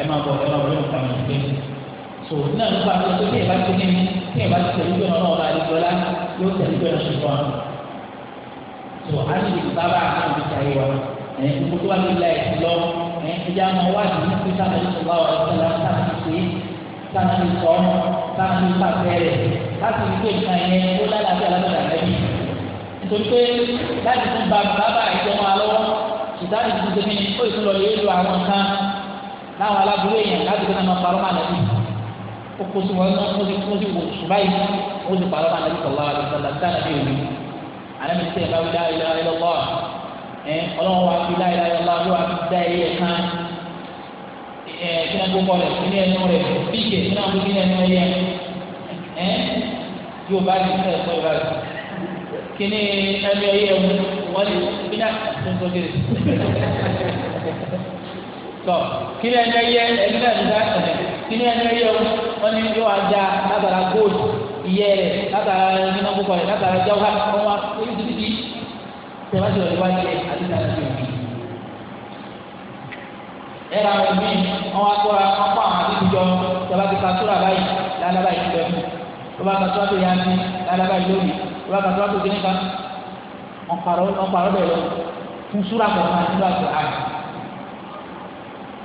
ẹ máa bọ̀ ẹ máa bọ̀ lóun so náà nípa àti ọjọ́ tí ẹ bá ti ní tí ẹ bá ti tẹ̀lé ọba àdìsọ́lá yóò tẹ̀lé ìjọ tó a lè sábà náà fi ṣayé wa ẹ gbogbo wa ní ilẹ̀ ẹ̀sìn lọ ẹ ẹjẹ àwọn wájú ní pé sáà ní sọ̀rọ̀ àwọn ẹ̀sìn lọ sáà ti ṣe sáà ti sọ sáà ti pàtẹ́rẹ̀ láti rí pé nǹkan yẹn ó lálàbí alábàdà lẹ́bí nítorí pé láti tún ba bàbá ìjọba lọ́wọ́ ìdáni tuntun tẹ̀mí ó sì lọ yé lu àwọn kan láwọn aláburú èèyàn láti gbé náà parọ́ máa lẹ́bí ó kó sí wọn ó sì wò ṣùgbọ́n yìí ó sì parọ́ máa lẹ́bí sọ̀rọ̀ àwọn àti alẹ́ tẹ̀ bá wí láyé láyé lọ́wọ́ ẹ ọlọ́wọ́ wa fi láyé láyé lọ́wọ́ yóò wá fi dá ẹyẹ kan ẹ kíni ẹgbẹ́ bọ́ rẹ̀ kíni ẹnu rẹ̀ bíjẹ̀ kíni ẹnu kíni ẹnu ẹyẹ ẹ yóò bá di kíni ẹ̀kọ́ ìbára kíni ẹnu ẹyẹ mu wọ́n lè kíni àtúntò kiri tọ kíni ẹnu ẹyẹ ẹnu ẹyẹ kíni ẹnu ẹyẹ mu wọ́n ní yóò ìyẹ́ rẹ̀ látara nínú púpọ̀ rẹ̀ látara jáwá wọn wá orí ti di tẹ̀wájú ọ̀dọ́ wájú ẹ̀ àti tàbí òbí. ẹ ra àwọn míì wọn wá kóra wọn kó àwọn àdébùjọ tẹ̀wá ti ka sóra báyìí lálábà yìí lọ́dún tó bá ka sóra tó yá ní lálábà yìí lórí tó bá ka sóra tó kíníkà ọ̀pàrọ̀ bẹ̀ lọ fún sóra kọ̀ọ̀kan sóra tó àná.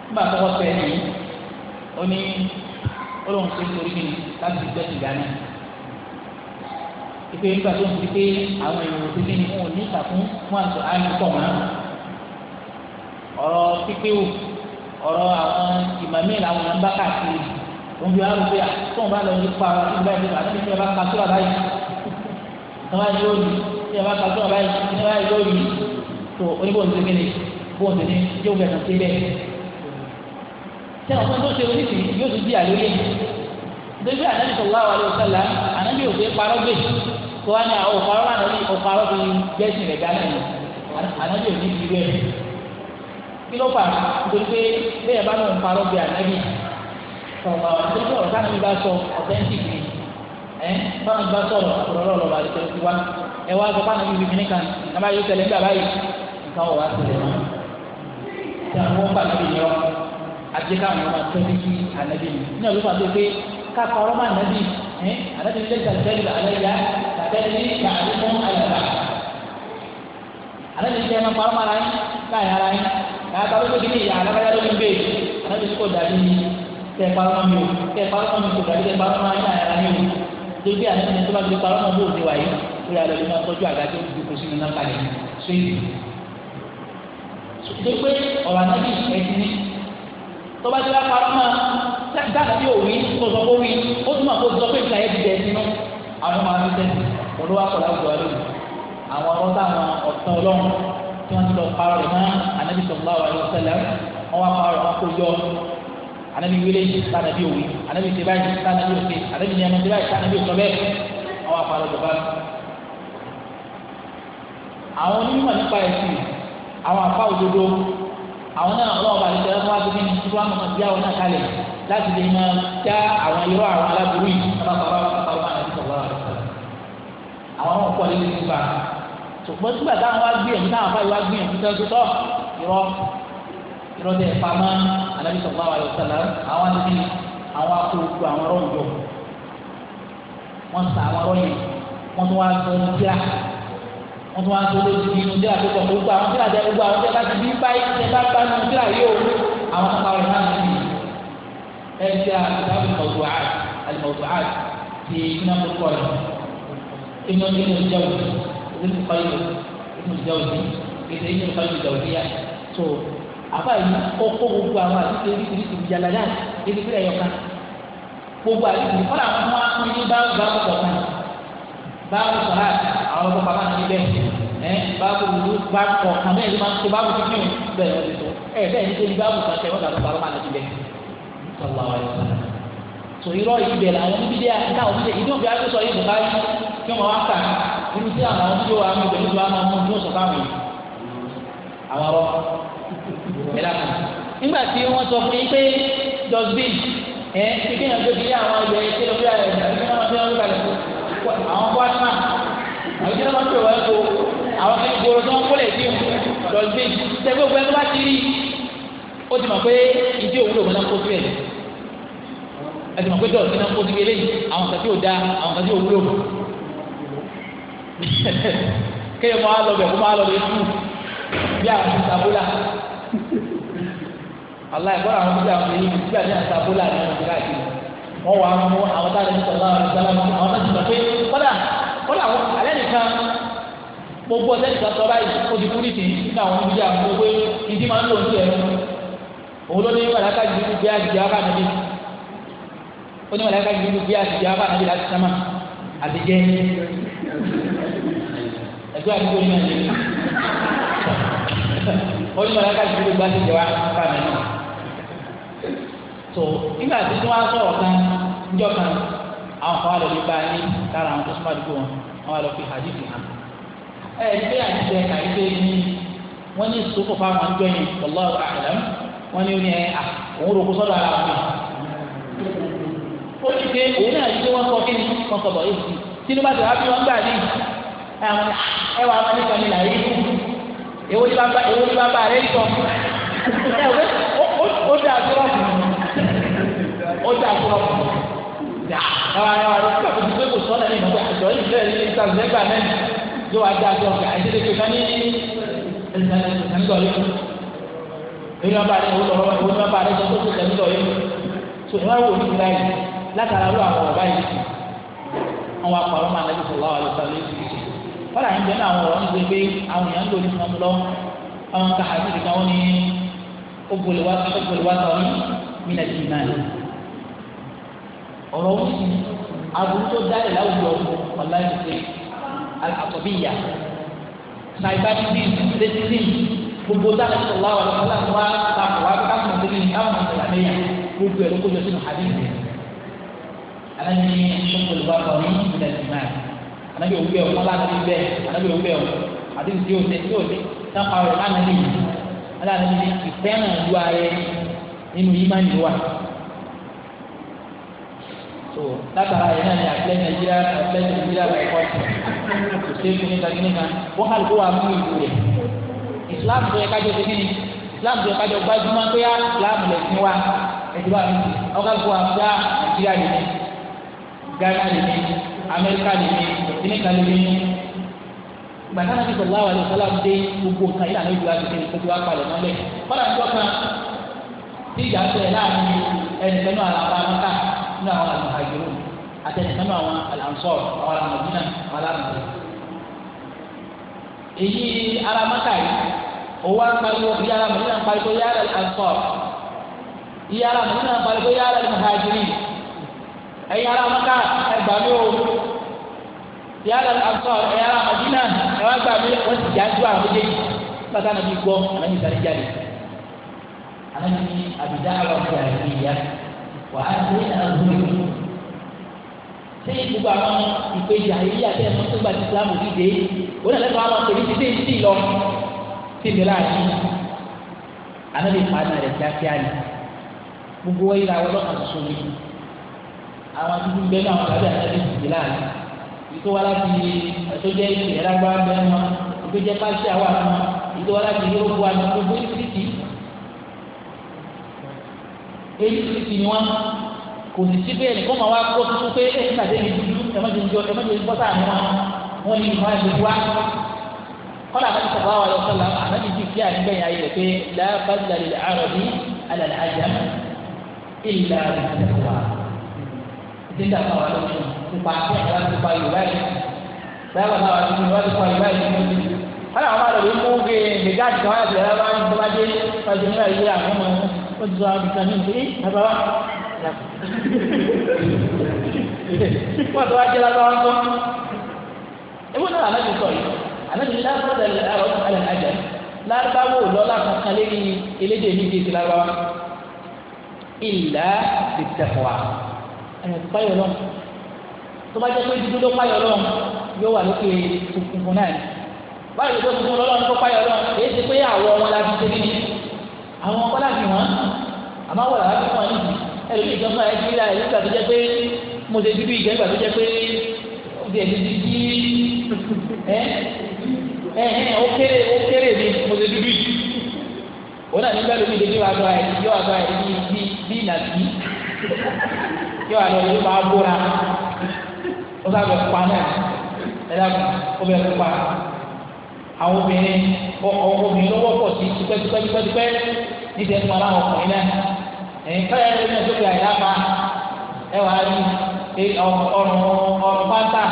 nígbà tó wọ́n pẹ́ ní oní olóhùn tó ń torí mi láti gbẹ́sì gánà ìpè nígbà tó ń di pé àwọn èrò tó ní wọn ò ní ìtàkùn fún àtọ àyànkọ mọ ọ̀rọ̀ pípéwò ọ̀rọ̀ àwọn ìmàmí làwọn ń bá káàkiri òun bí wọn á rò pé àtọ̀n bá lọ ní pa ara tó báyìí lọ́wọ́ àti ìjọba ká tó àbáyé ìjọba yóò rí ìjọba ká tó àbáyé ìjọba yóò rí tó oníbòun ti gbé ní bóun ti ní yóò gbẹ̀dọ̀ sí bẹ́ẹ̀ tẹ ọ̀sán tó ṣe oníṣì yóò tún di àlóyè nítorí ànábì sọ̀rọ̀ àwọn àlọ́ tó wá ní àwọn òkàrọ̀ wà lórí òkàrọ̀ fi gbẹ́sìn rẹ̀ dáná yìí ànábì ò ní ti rẹ̀ kí ló fà nítorí pé bẹ́ẹ̀ bá ní òkàrọ̀ bí ànábì ọ̀pọ̀ nítorí pé ọ̀tá mi sọ authentic ni ẹ báwọn bá sọ̀rọ̀ àkùrọ̀lọ́ lọ́ba àti tẹ̀sí wa ẹ wá sọ fún ànábì bíbí nìkan nàbà yóò tẹ̀lé nígbà báyìí nǹkan ọ̀ wá tẹ̀lé náà tí àwọn bá ànábì ni àti káwọn kakọ ọ̀rọ̀ máa nàbí ẹ anabi ní lẹsẹ àtẹlẹ àlẹyà àtẹlẹ ní kàdé fún àyàrá anabi ní sẹyìn ọ̀rọ̀ máa ráyìn káyà ráyìn káyà bá lóko kìíní ìyá alábàyà lóko ń bèèrè anabi ní kò dàbí kẹ kparọ mi o kẹ kparọ mi kò dàbí kẹ kparọ mi àyà ráyìn o tóbi anabi ní sọba ti kparọ mi bó ti wáyé ó yà lọ́dún náà tọ́jú àgájọ́ ìdókòó sínú náà dáadáa bí òwì sọsọ kó wí ó túmọ̀ kó sọ pé ìgbà yẹn ti dẹ̀ sínú àwọn ọmọ àti tẹ̀ olówó akọ̀lá àwùjọ wa lónìí àwọn ọ̀rọ̀ táwọn ọ̀tọ̀ ọlọ́run tí wọ́n ti lọ parọ́ rẹ̀ náà anabi sallallahu alaihi wasallam wọ́n wá parọ́ wọn kó yọ anabi wílé sanabi òwì anabi ṣe báyìí sanabi òsè anabi ní ẹnu ṣe báyìí sanabi òsọ bẹ́ẹ̀ wọ́n wá parọ́ jọba àwọn onímọ̀ nípa ẹ̀sìn àwọn àfa òdodo àwọn náà ọlọ́ọ̀bà àti ìjọba wọn á ti bí ní tí wọ́n á mọ̀ láti lè máa já àwọn irọ́ àwọn aláburú yìí pápápá pápápá àti sọ̀rọ̀ rẹ̀ àwọn ọmọ kọ́ nínú ìgbà ṣùgbọ́n nígbà táwọn wá gbìyànjú táwọn afáyé wá gbìyànjú tó tó tọ́ irọ́ irọ́ tẹ̀ pamọ́ alábí sọ̀rọ̀ àwọn àlọ́sọ̀lá àwọn àti àwọn akókò àwọn ọ̀rọ̀ òjò wọ́n sa àwọn ọ̀rọ̀ yẹn wọ́n tún wá sọ ní kíá wọ́n tún wá sọ lójú inú kíá tó kọ̀ gbogbo àwọn kíá tẹ gbogbo àwọn kíá láti bí ẹja kitabu mawdu'at al-mawdu'at ti iná kókó rẹ inú inú jáwé inú kọ́yọ̀ inú jáwé kéde inú kọ́yọ̀ jáwé yá tó àbáyé kókó gbogbo àwọn àti ebi tìrì tìrì jala náà ebi tìrì ẹ̀yọ̀ká gbogbo àti tìrì kọ́lá fún wa fún yín bá bá kọ̀ kan bá kọ̀ ha àwọn ọkọ̀ bàbá mi bẹ́ẹ̀ ẹ̀ bá kọ̀ bá kọ̀ kan máa ń tó bá kọ̀ tó bẹ́ẹ̀ ló tó ẹ̀ bẹ́ẹ̀ ní sọlá wa yẹn tó irọ́ yìí bẹ̀rẹ̀ àwọn bíbí dẹ́ àwọn bíbí dẹ́ ìdí òbí àti sọ yìí bùkárí kí wọ́n wá kà nínú tí àwọn àwọn bíbí wa mú ìbẹ̀rẹ̀ tó wá máa mú ní òṣùpá mi àwọn ọ̀rọ̀ ẹ̀dá kan nígbà tí wọ́n sọ fún yín pé dọ́sbìn ẹ̀ kíkẹ́ yẹn gbèbí àwọn ọ̀yọ́ yẹn kí ló fi àyẹ̀ ẹ̀ kí wọ́n fi wọn lókàlẹ̀ àwọn bọ́ọ̀tà àwọn kí wọ́n fi wọn kó àwọn kí ó ti mọ̀ pé ìdí òwúrò wọn náà kó sí ẹ̀ ẹ ti mọ̀ pé dọ̀tí náà kó sí eléyìí àwọn kan tí ò da àwọn kan tí ò wúlò kéèyàn máa lọ bẹ̀ kó máa lọ bẹ̀ kú bí àwọn ti sàbólà aláìgbọ́n àwọn ti àwọn èyí bí àti àsàbólà ní ọ̀sẹ̀ káàkiri wọ́n wà mú àwọn tá a lè sọ̀rọ̀ àwọn ìgbàlá àwọn tó ti sọ pé kọ́dà kọ́dà alẹ́ nìkan gbogbo ọ̀sẹ̀ nìkan sọ báyìí ó ti kú nìsín nígbà àwọn ibi àwọn gbogbo ìdí máa ń lò ní ẹ̀rọ òun ló ní màláíkà Jibrilu gbé àjìjẹ́ wá nàbí ó ní màláíkà Jibrilu gbé àjìjẹ́ wá nàbí láti sámà àtijẹ́ ẹgbẹ́ àdúgbò ní nàìjíríà ó ní màláíkà Jibrilu gbé àjìjẹ́ wá nàbí tó nígbà tí wọ́n á sọ̀rọ̀ kan níjọ́ kan àwọn kan wà lórí bá ní lára àwọn tó súnmọ́ àdúgbò wọn àwọn àlọ́ fi hàn ẹ̀ wọ́n ní ó ní ẹ à òun rògbò sọ́dọ̀ ara wọn. ó ti pé òun náà yí wọ́n sọ kí ni wọ́n sọ bọ̀ yìí sí tinubu àti wàá wọ́n gbà ní ẹ wà wọn nípa ní làyé èwo ní bàbá èwo ní bàbá rẹ sọ ẹ wẹ ó dà sọ̀rọ̀ ó dà sọ̀rọ̀ dà ẹ wà ẹ wà lọ sí àkókò pé kò sọ náà ìmọ̀ àjọ yìí bẹ́ẹ̀ ní ìta lẹ́gbà náà yóò wá dà sọ̀rọ̀ àti ìdílé pé ní ìlànà èyí wọn bá rẹ ìwé lọ́wọ́ ìwé wọn bá rẹ jẹ tó tó tẹ̀lé lọ yẹn tó ìwé wò ní ìlà yìí látara ló àwọn ọ̀rọ̀ báyìí sí àwọn akọ̀rọ̀ máa nàbí sọ̀rọ̀ àwọn ọ̀rọ̀ sọ̀rọ̀ yìí sí wọ́n àyìn bẹ́ẹ̀ àwọn ọ̀rọ̀ nígbè pé àwọn èèyàn ń lò ní lọ àwọn ká àdìrí kan wọ́n ní ogbòlewà sọ̀rọ̀ mina ti náà ọ̀rọ̀ wọn sì àbúrò tó dá ìlà òjò ọ̀la ìṣe àtọ̀bíyà sàìbá gbogbo dáná tó wà wà lọ́wọ́ láti wá láti wá ká fún ọdún yìí káwọn ọmọ ìlànà yà gbogbo ẹ̀ ló kó jọ sínú hadith yẹn. alábi ní sọ́kò ló bá bọ̀ ní ìpínlẹ̀ tìmá alábi òwúrọ̀ ẹ̀ wọ́n láti bẹ́ẹ̀ alábi òwúrọ̀ ẹ̀ àdéhùn tí yóò ṣe tí yóò ṣe sáfà rẹ̀ lánàá ní ìlú alábi ní ìfẹ́ràn ìlú ayé nínú ìmánì wà. látara yẹn náà ni àtìlẹ́ nàìjíríà àtìlẹ́ nàìjíríà lọ́kọ́ islam tó yẹ kájọ ṣe kí ni islam tó yẹ kájọ gbajúmọ̀ pé á islam lè fún wa ẹ̀dùn àmì ọ̀gá gbọ́ àbúrá nàìjíríà lè ní ghana lè ní amẹ́ríkà lè ní ìpínlẹ̀ lè ní gbàtà náà ti sọ̀rọ̀ láwàlú sálàmù dé gbogbo nǹkan yìí àlejò àti kékeré tó ti wá palẹ̀ mọ́lẹ̀ kọ́lá ń dọ́kan tí ìjà ń sọ̀rọ̀ láàrin ẹnìkan náà àwọn amáka ní àwọn àlùhàjòrò àti ẹnìkan náà àwọn àlànsọ̀ àwọn àlàmọ̀dínà àwọn àlàmọ̀dínà èyí aramaka owó akpaliwo bí yàrá mi nínú akpaliwo yàrá àǹkọ yàrá mi nínú akpaliwo yàrá muhajiri ẹ̀yin ará maka ẹgbà mi o yàrá àǹkọ ẹ̀yin ará madina ẹwà gbà mí wọ́n ti jà ju àwọn méjèèjì bàtà náà mi gbọ́ àwọn yìí sáré jáde àwọn yìí àbídá àwọn ọmọ yàrá yìí yá wà á ti ní àwọn ọmọ yìí ṣé gbogbo àwọn ìpèjà yìí àti ẹ̀fọn tó gba ti Islam òdìdé wọn lẹ́nu àwọn pèlú ti dé ti lọ síbi láàyè anabi padà rẹ kíákíá ni gbogbo wáyé la wọlé ọkàn tó mi àwọn tó ń bẹ ní àwọn tàbí àtàbí síbi láàyè ìtò wa láti ìtòjẹ ìrẹlágbá bẹ wọn ìtòjẹ pàṣẹ àwọn àná ìtò wa láti yóò bu àná gbogbo ìsìtì ìsìtì ni wọn kò ní síbẹ̀ ẹni kó máa wá kó tuntun pé ẹ̀ ń tàdé ní dúdú má jẹun jọ ẹ̀ má jẹun bọ́tà ni wọn wọn ní ìfọwọ́ kọ́lá àmì sọ̀rọ̀ àwọn ọ̀sọ́lá àmì jì kí àníbẹ̀yìn ayé rẹ̀ pé lábàdìlà lè àrọ̀ ní alàlẹ́ àjà ìlà ìtẹ̀wà ìdíjà kan wà lóṣù nípa àti àwọn àti pa yorùbá yìí báyọ̀ náà àti yorùbá ti pa yorùbá yìí lóṣù kọ́lá àwọn àlọ́ yìí mú gé mẹgáàdì kan wáyà bẹ̀rẹ̀ wá ní bọ́lájé pàṣẹ nígbà yìí àwọn ọmọ ó ti sọ àwọn ìtàn ní ìdí bàbá wa. wọ́n tó wá jẹ́ lábáwá ń kọ́ ewu náà àlọ́ ànábi láfọdà àrọ alẹ ajá lárúbáwò lọlá kankan lórí elédè mi kìí ti lárúbáwá ìlà ìtẹ̀fọ̀wá ẹ̀yìn lọ tó bá jẹ́ pé dúdú ló payọ̀ lọ yóò wà lókè funfun náà báyìí ló funfun lọ́lọ́ ní kó payọ̀ lọ èyí ti pé àwọ̀ wọn la fi tẹ́lẹ̀ àwọn ọkọ láti wọn àmọ́ wọ̀ làwọn fi níbi ẹ̀rọ ìjọba ẹ̀ ti rí nígbà tó jẹ́ pé mo ṣe dúdú ìjẹ́ nígbà tó jẹ́ pé ó ti ẹ̀ ẹ̀hẹ́n kere kéré ó kéré mi mo ṣe dúdú yìí wọn náà dị lómi dèjì wà lọ àyè yóò wà lọ àyè bí na, bí nàbí yóò náà ẹ bẹ àwọn obìnrin obìnrin ọkùnrin náà káyọ̀ ní ọjọ́ ẹ ọrùn ọrùn pátá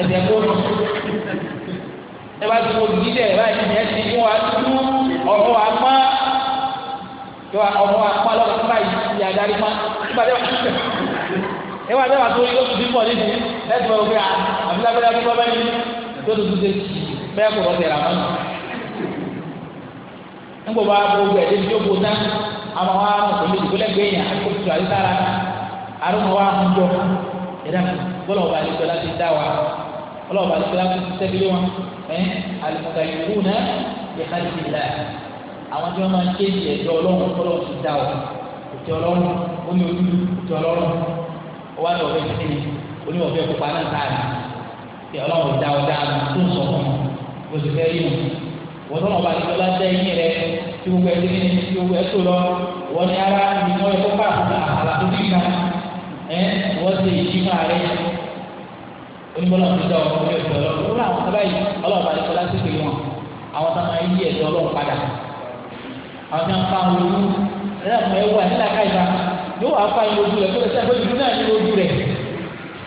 ẹ̀dẹ̀ ẹ bá tó òbí dẹ̀ báyìí ẹ ti mú wa dúdú ọmọ wa má yọ ọmọ wa má lọ́wọ́ tó báyìí ti adarí má nígbà tẹ́ ẹ wá tẹ́ wá tó yóò tún bọ̀ níbi lẹ́tọ̀ ẹ̀ wíwá àbílábílá tó bá yìí tó tó tún tẹ bẹ́ẹ̀ kò rọ́ọ̀tẹ̀ rà mọ́nà. nígbà wàá bọ̀ ọgbẹ̀ ẹ̀ débi yóò bọ̀ ná àwọn wa mọ̀ pẹ̀lú ìgbélẹ́gbẹ̀ẹ́ yẹn àti kòtò àyíkára àrùn wa ń jọ ẹ̀dá bọ́lá ọba àlejò láti dá wa ọlọ́ọ̀bà ìsìlámù ti tẹ́lẹ̀ wọn ẹ́ àlùmọ̀gà ìlú náà lè ká lè nílá àwọn tí wọ́n máa ń ké di ẹ̀dọ́ ọlọ́run ọlọ́run ti dá ọ òtí ọlọ́run ó ní olú òtí ọlọ́run ó wá ní ọ̀fẹ́ ti tẹ́lẹ̀ ó ní ọ̀fẹ́ pupa náà káàdì tí ọlọ́run dá ọ dáa tó ń sọ fún ọ bó ti fẹ́ yìí wọ́n tọ́lọ̀ bá ìjọba jẹ́ yín rẹ tí gbogbo ẹtí onígbọ́nà ọ̀dọ́ ọ̀gbọ́n yóò tọ́ lọ́wọ́ wúrọ̀ àwọn sábà yìí ọlọ́ọ̀bá ní sọlá sí pé wọn àwọn tó máa ń yí ẹ̀dọ́ ọlọ́run padà àwọn tó ń fa àwọn olú ẹ̀rọ ẹ̀ wà nílà yóò wá fa ìlú ojú rẹ̀ tó lè sẹ́kọ̀ọ́ ìlú náà ní ojú rẹ̀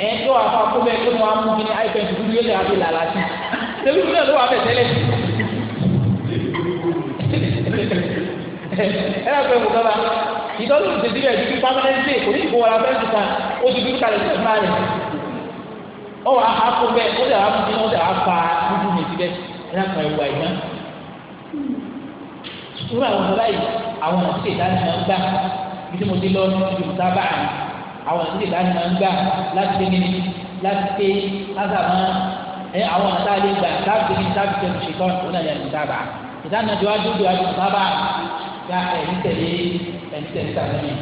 ẹ̀ yóò wá fa kó kó ni wọ́n mú kí ni àìpẹ́ ìdúdú yóò lè wá fi làlá ọ wà á kó bẹ́ẹ̀ ó dẹ̀ wá fún mi ó dẹ̀ wá fa dúdú mi síbẹ̀ ẹ̀rọ kan ìwà ìná. Sùkúrú àwọn ọ̀dọ́ báyìí àwọn ọ̀nà títí ìdánimọ̀ ń gbà bí tí mo ti lọ ju ta bá àná àwọn ọ̀nà títí ìdánimọ̀ ń gbà láti dé níbi láti dé lásàmọ́ ẹ àwọn ọ̀nà tá a lè gbà láti dé láti dé ṣètò ọ̀nà ìyàtọ̀ ta bá ìdáná ju adú ju adú ta bá ya ẹ̀mí tẹ̀lé ẹ̀mí tẹ̀lé tàbí mi.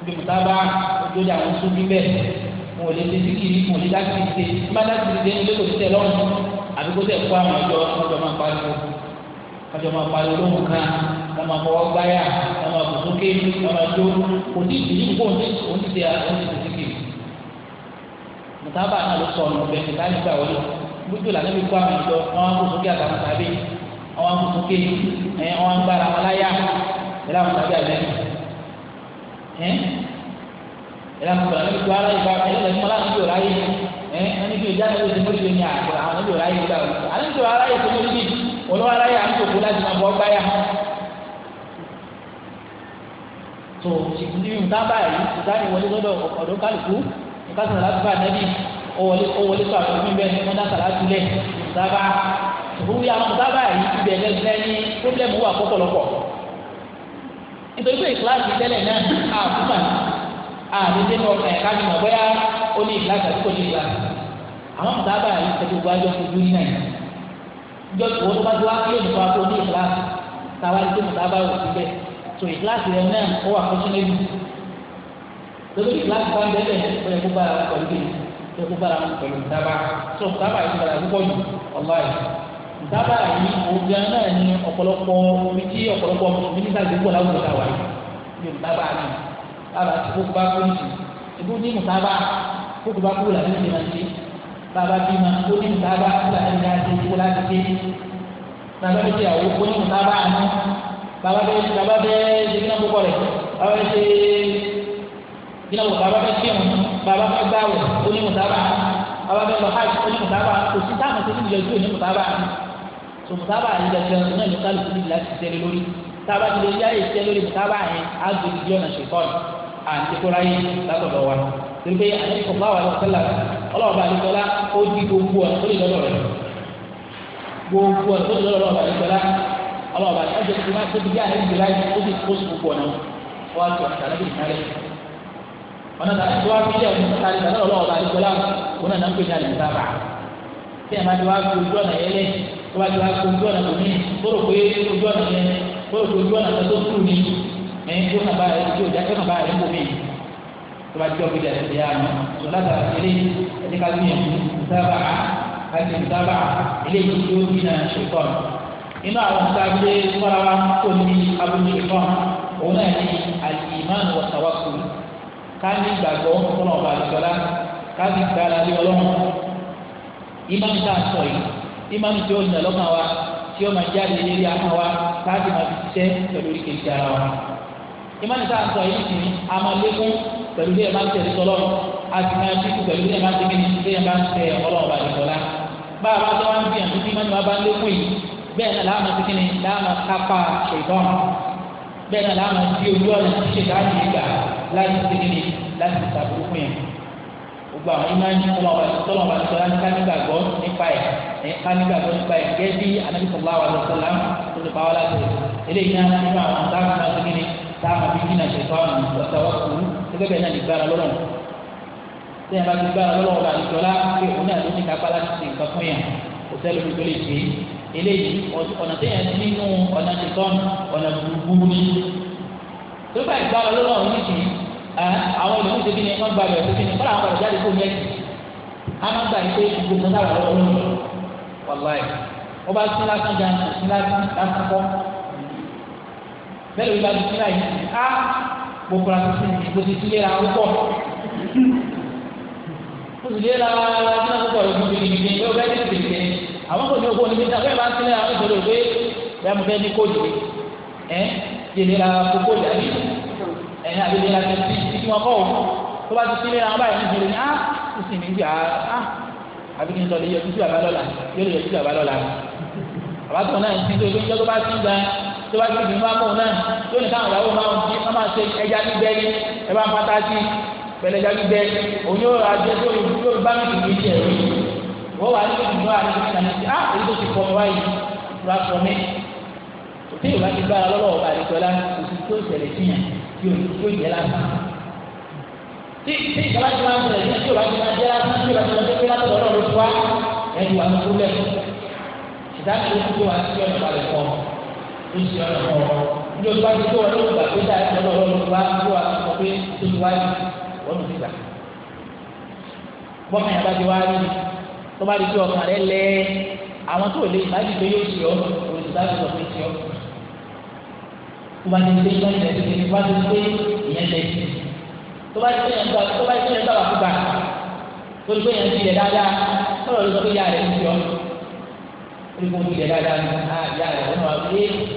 Ibi mo ta bá ojú ọjà àwọn sóbí bẹ́ẹ̀ mo lè ti fi kiri mo lè láti ti ṣe má láti ti ṣe ní lóko títẹ lọ́rùn àbí kó tẹ̀ kó àwọn ọjọ́ ọjọ́ máa pariwo ọjọ́ máa pariwo lóhùn kan wọ́n máa fọwọ́ gbáyà wọ́n máa bùsùn ké wọ́n máa jó kò ní ìdílé kó ní kò ní ti àwọn ti ti kiri. mùtábà náà ló sọ ọ̀nà ọ̀bẹ nígbà nígbà wọlé gbójú làná mi kó àwọn ọjọ́ wọn bùsùn ké àtàwọn tàbí wọn bùsùn ké wọn gbára wọn láyà pẹ̀lú àwọn tàbí àlẹ́ ìlà kùtù àwọn ìlú ara ìfà ẹ̀yìn lẹ́nu mọ́lá níbi òrà yìí ẹ̀ ẹni bí ìjà náà ti mọ́tò ní àpò àwọn níbi òrà yìí gbà wò àwọn níbi òrà yìí tó mọ́tò bí olówó ara yìí àtòkò láti máa bọ́ gbáyà. tó ìdílé nǹka báyìí ìdáni wọlé lọ́dọ̀ ọ̀dọ́ kálukú nǹka sọ̀rọ̀ láti bá nẹ́bí ó wọlé sọ àwọn ọmọ bẹ́ẹ̀ wọ́n dá sàrà sílẹ̀ nǹkaba òwúrọ̀ yà wọn nǹkaba yìí ibẹ̀ lẹ́ni pọ́blẹ́mù wà pọ̀pọ̀lọpọ̀ nítorí pé ìkíláàsì tẹ́lẹ̀ náà àkúfà àdédé lọ ẹ̀ káàdì mọ̀ bóyá ó ní ìlà tàbí kò ní ìlà àwọn mùsàbà yìí tẹ̀lé gbogbo ajọ́ fojú ní náà ìjọ ìwọ tó bá ti wá kí èmi kọ́ akó ní ìlà táwa ní tó mùsàbà wò sí bẹ́ẹ̀ tó ìlà tirẹ̀ náà ó wà fọ́sún lébi lórí ìlà tó bá ń bẹ́ẹ̀ bẹ́ẹ̀ ó yẹ kó bára wọn pẹ̀lú bẹ́ẹ̀ ó yẹ kó bára wọn pẹ̀lú mùsàbà tó mùsàbà yìí bára púpọ̀ jù ọ̀lá yìí yìí òbí náà ní ọ̀pọ̀lọpọ̀ omi tí ọ̀pọ̀lọpọ̀ ọmọ bàbá tí kókó bá kú nìyí ìbú ní mùsábà kókó bá kú làbí ìdè máa ṣe bàbá bí ma kó ní mùsábà làbí ìdè máa ṣe kó láti ṣe bàbá bí ìyàwó kó ní mùsábà àná bàbá bẹ bàbá bẹ ṣe kí náà kókó rẹ bàbá bẹ ṣe kí náà bàbá bẹ ṣe wọn bàbá bẹ gbáwò kó ní mùsábà bàbá bẹ lọ hajj kó ní mùsábà kò sí táwọn tó ní ìyọjú ní mùsábà tó mùsábà yìí gẹ́gẹ́ náà ní kálukú ní láti tẹ̀lé lórí tábà ti lè yá èsì lórí mùsábà yẹn á gbé ìdí ọ̀nà ṣèkọ́ni àti kóra yìí látọ̀dọ̀ wa torí pé àyẹ̀kọ́ fún báwa lọ sẹ́lá ọlọ́wọ́ bá àdìsọ́lá ó di gbogbo ọ̀nà tó lè lọ́dọ̀ rẹ̀ gbogbo ọ̀nà tó lè lọ́dọ̀ ọlọ́wọ́ bá àdìsọ́lá ọlọ́wọ́ bá àdìsọ́lá ti máa tóbi yá àyẹ̀kọ́ láyé ó sì kó gbogbo ọ̀nà wa tó àtàlẹ́ bí ìtàlẹ́ ọ̀nà tàbí tó wá fi jẹ́ ọ̀nà tàbí tàbí ẹ ń tó nàbà rẹ tó ìjà tó nàbà rẹ ń bò mí tó bá jọ gbèdà ẹ̀ yá mi tó látara eléyìí ẹni ká gbìyànjú sábà àti sábà eléyìí tó bí na ṣèkọ́ inú àwọn sábẹ́ fúnra wa tó ní abúlé ṣèkọ́ òun náà ní alìmán wọ̀tàwọ́sù ká ní gbàgbọ́ fúnra ọba àdìgbọ́lá ká ní gbàgbọ́ alẹ́ ọlọ́run ìmáàmù tá a sọ yìí ìmáàmù tí ó nà lọ́kàn wa tí ó máa jáde lérí ahọ́n wa ká máa fi ṣiṣẹ́ pẹ̀lú oríkèéjì ara wa ìmánì tá à ń sọ yìí sì ni a máa lékún pẹ̀lú bí ẹ máa ń tẹ̀lé tọ́lọ́run a sì máa dínkù pẹ̀lú bí ẹ máa ń tẹ̀lé bí ẹ máa ń tẹ ọlọ́run bá yìí tọ́lá bá a bá tọ́ wá ń gbìyànjú bí ìmánì wa bá ń lékún yìí bẹ́ẹ̀ náà láàmú sí kíni láàmú kápá ṣètọ́n bẹ́ẹ̀ náà láàmú sí ojú ọ̀nà tí ìgbà láti sí kíni láti táwọn bí jìnnà ṣe tọ́ àwọn ìtọ́sẹ̀ wọ́n kú gẹ́gẹ́ bẹ́ẹ̀ náà ní gbára lọ́rùn tẹ́yìn bá ti gbára lọ́rùn bá àdìjọ lá pé òun náà ló ní kápá láti ṣe nǹkan fún yàn kò sẹ́lẹ̀ omi tó lè ṣe eléyìí ọ̀nà tẹ́yìn nínú ọ̀nà ṣe tọ́ ọ̀nà gbogbo ni tó bá ìgbára lọ́rùn nísìnyí àwọn olùkọ́ ṣe kí ni wọ́n gba bẹ̀rẹ̀ ṣe kí ni kọ́lá àwọn ọ̀rọ̀ jáde fún mẹ́tì á máa gbà pé gbogbo nǹkan bẹ́ẹ̀ ló bá mi síra yìí á mo kura tuntun mo ti tilé ra púpọ̀ mo sì lé ra ní àwọn ọkọ̀ ìlú bìbì bìbì pé o bẹ́ẹ̀ tètè tètè àwọn kò ní owó ní bíta bẹ́ẹ̀ bá ń tilé ra ó sọ̀rọ̀ pé bẹ́ẹ̀ mo fẹ́ ní kóòdù ẹ̀ tilé ra kókó ìyàrí ẹ̀ ní àbílẹ̀ ra tẹ̀sí títí wọn kọ́ o tó bá ti tilé ra wọn báyìí ní ìṣẹ̀lẹ̀ ní á ó sì ní bí á àbí kí n lọ lè yọjú sí àbálọ́lá yóò lè náà ń tó bá ti dùn bá mọ̀ náà yóò ní káwọn ìyàwó máa ń di wọ́n máa ṣe ẹja gbígbẹ́ ní ẹ bá ń pátá sí pẹ̀lẹ́ ẹja gbígbẹ́ òun yóò ra jẹ́ tó bá mi dùn méjì ẹ̀rọ wọ́n wà ní ìdùnnú àti ìdùnnú ah èyí tó ti fọ mi wáyé ra fọ mi tí ìwà ti gbára lọ́wọ́ ọba àdìgbọ́lá òsì tó ìṣẹ̀lẹ̀ síyàn yóò jẹ́ lásán tí tí ìjọba ti máa ń bẹ̀rẹ̀ ní ìjọba ti máa jẹ́ lásán tí ìjọba ti máa jẹ́ pé látọ̀ lọ́rọ̀ ló fọ́ ẹ̀dùn àwọn kúlẹ̀ ìdájọ́ tó wà sí ọ̀nà balẹ̀ oṣù ọ̀nà ọ̀ ní o bá ti tó wọn lóògbà pé táyà tó lọ́wọ́ ló wá tó wà sọ pé tó ti wáyé wọ́n ti gbà. bọ́mọ̀ yàrá ti wáyé tó bá di pé ọkàn rẹ lẹ àwọn tó lè láti gbé yóò ṣe ọ́ òun ti láti sọ pé ṣe ọ́. tó bá ti gbé ìgbàlè rẹ ti wá ti gbé ìyẹn lẹ tó bá ti gbé yẹn tó bá ti gbé yẹn tó ti ti yẹ tó lọ pé yà ti yẹ dáadáa ní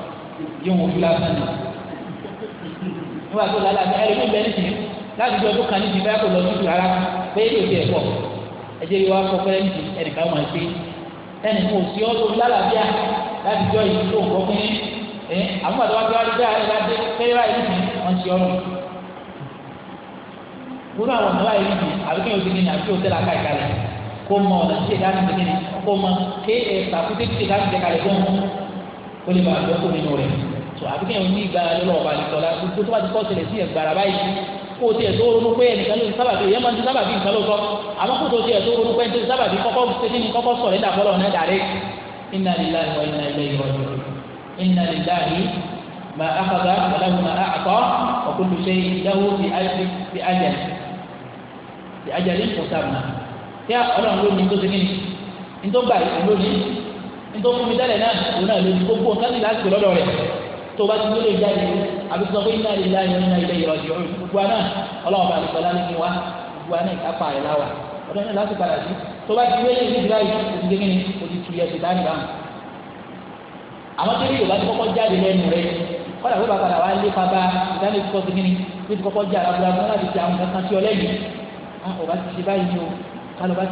yóò wọ́n fúlá fún mi. nígbà tó lálẹ́ àti ẹ̀rí bẹ́ẹ̀ ní tìǹbù láti jọ ọdún kan ní tìǹbù kò lọ sí ara pé yóò ti ẹ̀ pọ̀ ẹ̀jẹ̀ yìí wá kọ́ fẹ́rẹ́ ní ẹnìkan máa ṣe ẹnì kò sí ọdún lálàáfíà láti jọ yìí tó kọ́ fún yín ẹ àwọn àti wá bí wá dé bá dé fẹ́rẹ́ báyìí ní tìǹbù wọ́n ti ọ̀rùn. gbogbo àwọn ọ̀nà báyìí ní àbíkẹ́ òsì ní àbíkẹ́ òsì làkà ìkàlẹ̀ kó mọ ọ̀nà tí ìdáhùn kó lè bá àjọkò nínú rẹ̀ tó àbí kí ẹ̀yìn ní ìgbára lọ́wọ́ ọba àdìsọ́lá gbogbo tó bá ti kọ́ ṣẹlẹ̀ sí ẹ̀gbára báyìí kó o tiẹ̀ tó ronú pé ẹnìkan ló ń sábàbí ìyẹn máa ń ti sábàbí nǹkan ló sọ àmọ́ kó o tiẹ̀ tó ronú pé ẹnìkan ló ń sábàbí kọ́kọ́ ṣẹ́ni kọ́kọ́ sọ̀rọ̀ ẹ̀dá fọlọ́ ọ̀nà dàrẹ́ inna lillahi wa inna ilayhi raji'un inna lillahi ma akhadha wa lahu ma a'ta wa kullu shay'in lahu bi ajali bi ajali bi ajali musamma tí ọlọ́run ló ní nítorí fún mi tẹ́lẹ̀ náà òun náà lè gbogbo nǹkan nílá sí lọ́dọ̀ rẹ̀ tó bá ti tó lè jáde àbí sọ pé iná ìlà yẹn iná ilé ìrọ̀jì ọ̀rùn gbogbo aná ọlọ́run bá nìkan láti fún wa gbogbo aná ìkápá rẹ̀ láwà ọ̀dọ́ náà láti padà sí tó bá ti wé ní ìdílé ayé òtún gẹ́gẹ́ ni o ti tu ẹsẹ̀ dání báwọn. àmọ́ tó ní yorùbá ti kọ́kọ́ jáde lẹ́nu rẹ̀ kọ́dà pé bàbá wa lé pàbá ìdáni ti kọ́ gẹ́gẹ́ ni bí ti kọ́kọ́ jáde abúlé láti ti àwọn kankan tí ọlẹ́yìn ah, ọba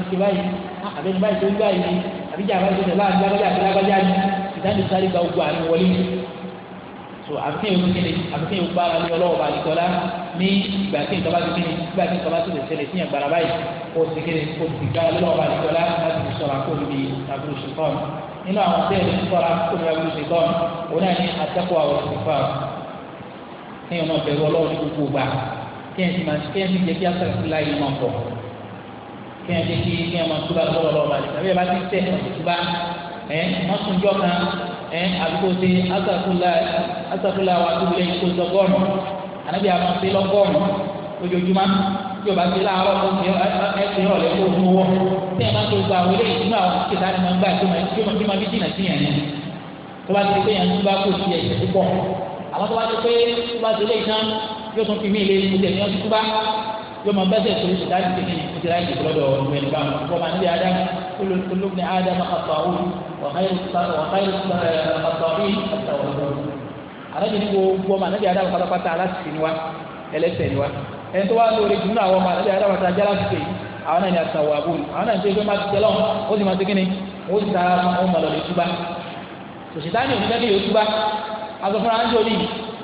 ti ṣe bá ti àbíjà àwọn ìṣẹ̀lẹ̀ láàrin lágbájá àti lágbájá ni ìdájọ́ sáré gba ogun àmì wọlé so àfihàn yóò kéde àfihàn yóò gbára lé ọlọ́wọ́ bá a nìkọ́lá ní ìgbà tí nǹkan bá ti kéde ìgbà tí nǹkan bá ti lè ṣẹlẹ̀ sí gbàrà báyìí kó o ti kéde kó o ti gbára lé ọlọ́wọ́ bá a nìkọ́lá láti fi sọ̀rọ̀ àkóso bíi àbúrò ṣùkọ́n nínú àwọn tẹ́lẹ̀ ní sọ̀rọ̀ àkóso bíi àbúrò ṣùkọ́n òun náà ní atẹ́kọ̀ àwọn ṣùkọ́n ní ọ̀nà bẹ̀rù ọlọ́wọ́ ní gbogbo gbà kí ẹ̀ sì máa kí ẹ̀ sì jẹ́ kí kí ẹ jẹ́ kí kí ẹ máa túbà lọ́wọ́ lọ́wọ́ balẹ̀ tàbí ẹ bá ti tẹ̀ túbà ẹ wọ́n tún jọ kan ẹ àdúgbò ṣe asàkúlà wà tó wulẹ̀ kó sọgọ́rùn ànábì àwọn ṣe lọ́gọ́rùn lójoojúmọ́ tí o bá ṣe láàárọ̀ kó ẹ ṣe ọ̀lẹ́ kó mú wọ́ tí ẹ máa tó gba àwọn eléyìí nínú àwọn kíkẹ́ láti máa gbà tó máa bí jìnnà sí yẹn tó bá ti pé yẹn túbà kò sí ẹ̀ṣẹ̀ púpọ̀ àwọn tó bá ti pé tó bá ti lé ìtàn yóò tún fi mí ilé ìmúdẹ̀ ní ọdún túbà yóò máa bẹ́sẹ̀ tó ṣe láti ṣe kíni ìṣe láti ṣe lọ́dọ̀ ọ̀rùn ẹni bá wọn kọ́má níbi ádámù olóògùn ádámù àtọ̀hún wàhálì àtọ̀hún àtọ̀hún. àlejò ní gbogbo ọmọ àlejò ádámù pátápátá aláṣìṣe ni wa ẹlẹ́ṣẹ̀ ni wa ẹni tó wá lórí jù náà àwọn ọmọ àlejò ádámù àti ajá aláṣìṣe àwọn náà ni àtàwọn àbúrò àwọn náà ń ṣe pé má ti tẹ lọ́wọ́ ó sì má ti kíni ó sì tara ọmọ lọ́dọ̀ ìtúbá òṣìṣẹ́ òṣìṣẹ́ bí yóò túbá azọfúnra ń jòlì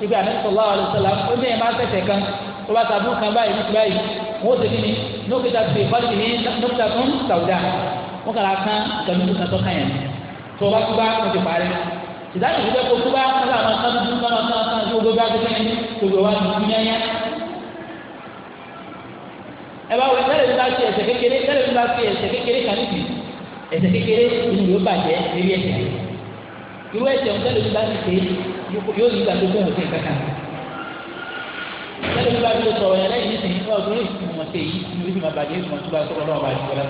ibi àdéhùn sọ̀lá àlùsọ̀lá ó ní ẹ̀ má tẹ̀sẹ̀ kan tó bá sàbúrú kan báyìí ní ti báyìí wọn ó segin ni nókítà tó ìfọ́lì ní nókítà tó ń sàwùdà wọn kàrà kan kàmí tó kàn tó kàn yẹn tó o bá kú bá wọn ti parí ìdájọ́ ìdílé kó kú bá wọn kàrà kan tó kàn tó kàn tó gbogbo bá tó kàn yẹn gbogbo wa tó kún yẹn ẹ bá wọ ẹsẹ̀ lẹ́la ti ẹsẹ̀ kékeré ẹsẹ̀ lẹ́la ti ẹsẹ̀ kékeré kan níbi ẹsẹ̀ kékeré inú yóò bàjẹ́ lórí ẹsẹ̀ irú ẹsẹ̀ ń tẹ́lẹ̀ lẹ́la ti ṣe yóò yí tẹ́lẹ̀ bí bá ti sọ̀rọ̀ yẹn lẹ́yìn nísìnyí ní ọdún yìí mo ṣe yìí mo bí ma bàjẹ́ mo tún bá sọ̀rọ̀ lọ́wọ́ bá ti kọ́lá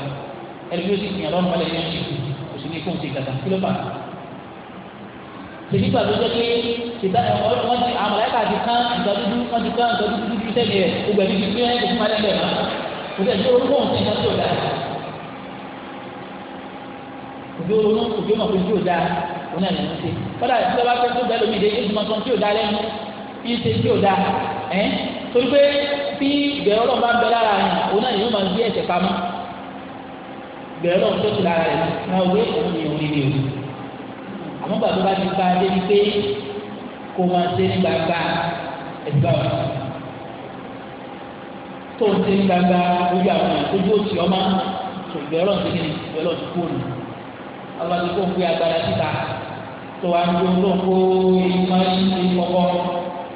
ẹni bí sì kìyàn lọ́nà mọ́lẹ̀ yẹn kò sí ní kó ń ṣe kí ló fà tèmi gbàgbé jẹ́ pé tìta wọ́n ti àmàlẹ́kà ti kán ìgbà dúdú wọ́n ti kán ìgbà dúdú dúdú sẹ́mi rẹ̀ gbogbo ẹ̀mí ti gbé ẹ̀kọ́ fún alẹ́ máa kò tẹ̀ ní orúkọ òun ti ń tó dáa òbí olóńgbò òbí ọmọ pé tí ò dáa òun náà lẹ́nu ṣe kọ́dà ìdílé wa fẹ́ tó bẹ́ẹ̀ lómi ìdè ìdúmọ̀ tí ò dáa lẹ́nu kí tí ò dáa ẹ́ torí pé bí ìbẹ̀rù ọlọ́run bá ń bẹ lára yẹn òun náà yóò máa gbé ẹ̀ṣẹ̀ pamọ́ ìbẹ̀rù ọlọ́run tó ti lára rẹ̀ náà wé òun ni òun ni òun àmọ́ gbàgbọ́ bá ti gba débi pé kó máa ṣe ní gbangba ẹ̀gbá wa tó ń ṣe ní gbangba ojú àwọn ojú òsì ọmọ tó ìbẹ̀rù ọlọ́run ti kíni ìbẹ̀rù ọlọ́run ti kú òun àwọn kó ń gbé agbára síta tó wà ń gbé ọlọ́run kó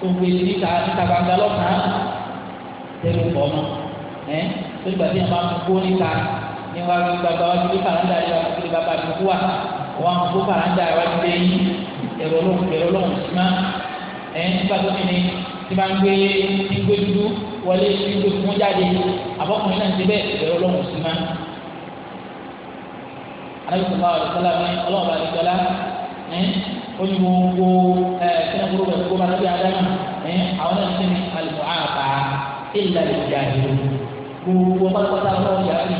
gbogbo èyí níta níta gbangba lọ́sàn-án tẹ́lẹ̀ pọ̀ mọ́ ẹ́ tó gbà tí wọ́n máa ń gbó níta ní wọ́n á gbàgbà wọ́n ti di kàlàndà yìí wọ́n ti di bàbá mi kú wa wọ́n á gbó kàlàndà yìí wọ́n ti dé yìí ẹ̀rọ lóhùn ẹ̀rọ lóhùn sí má ẹ́ nígbà tó ní ní tí máa ń gbé tí ń gbé dúdú wọlé tí ń gbé fún jáde àbọ̀kùnrin náà ti bẹ́ẹ̀ ẹ̀rọ lóhùn sí má. alábìsọ̀ bá wà ó ní gbogbo ẹ kíni kúrò bẹ gbogbo bàtà bí adama ẹ àwọn náà ti ní alùpùpù àbá ìlà lè di àdìrò gbogbo pátápátá ọlọ́run yàrá mi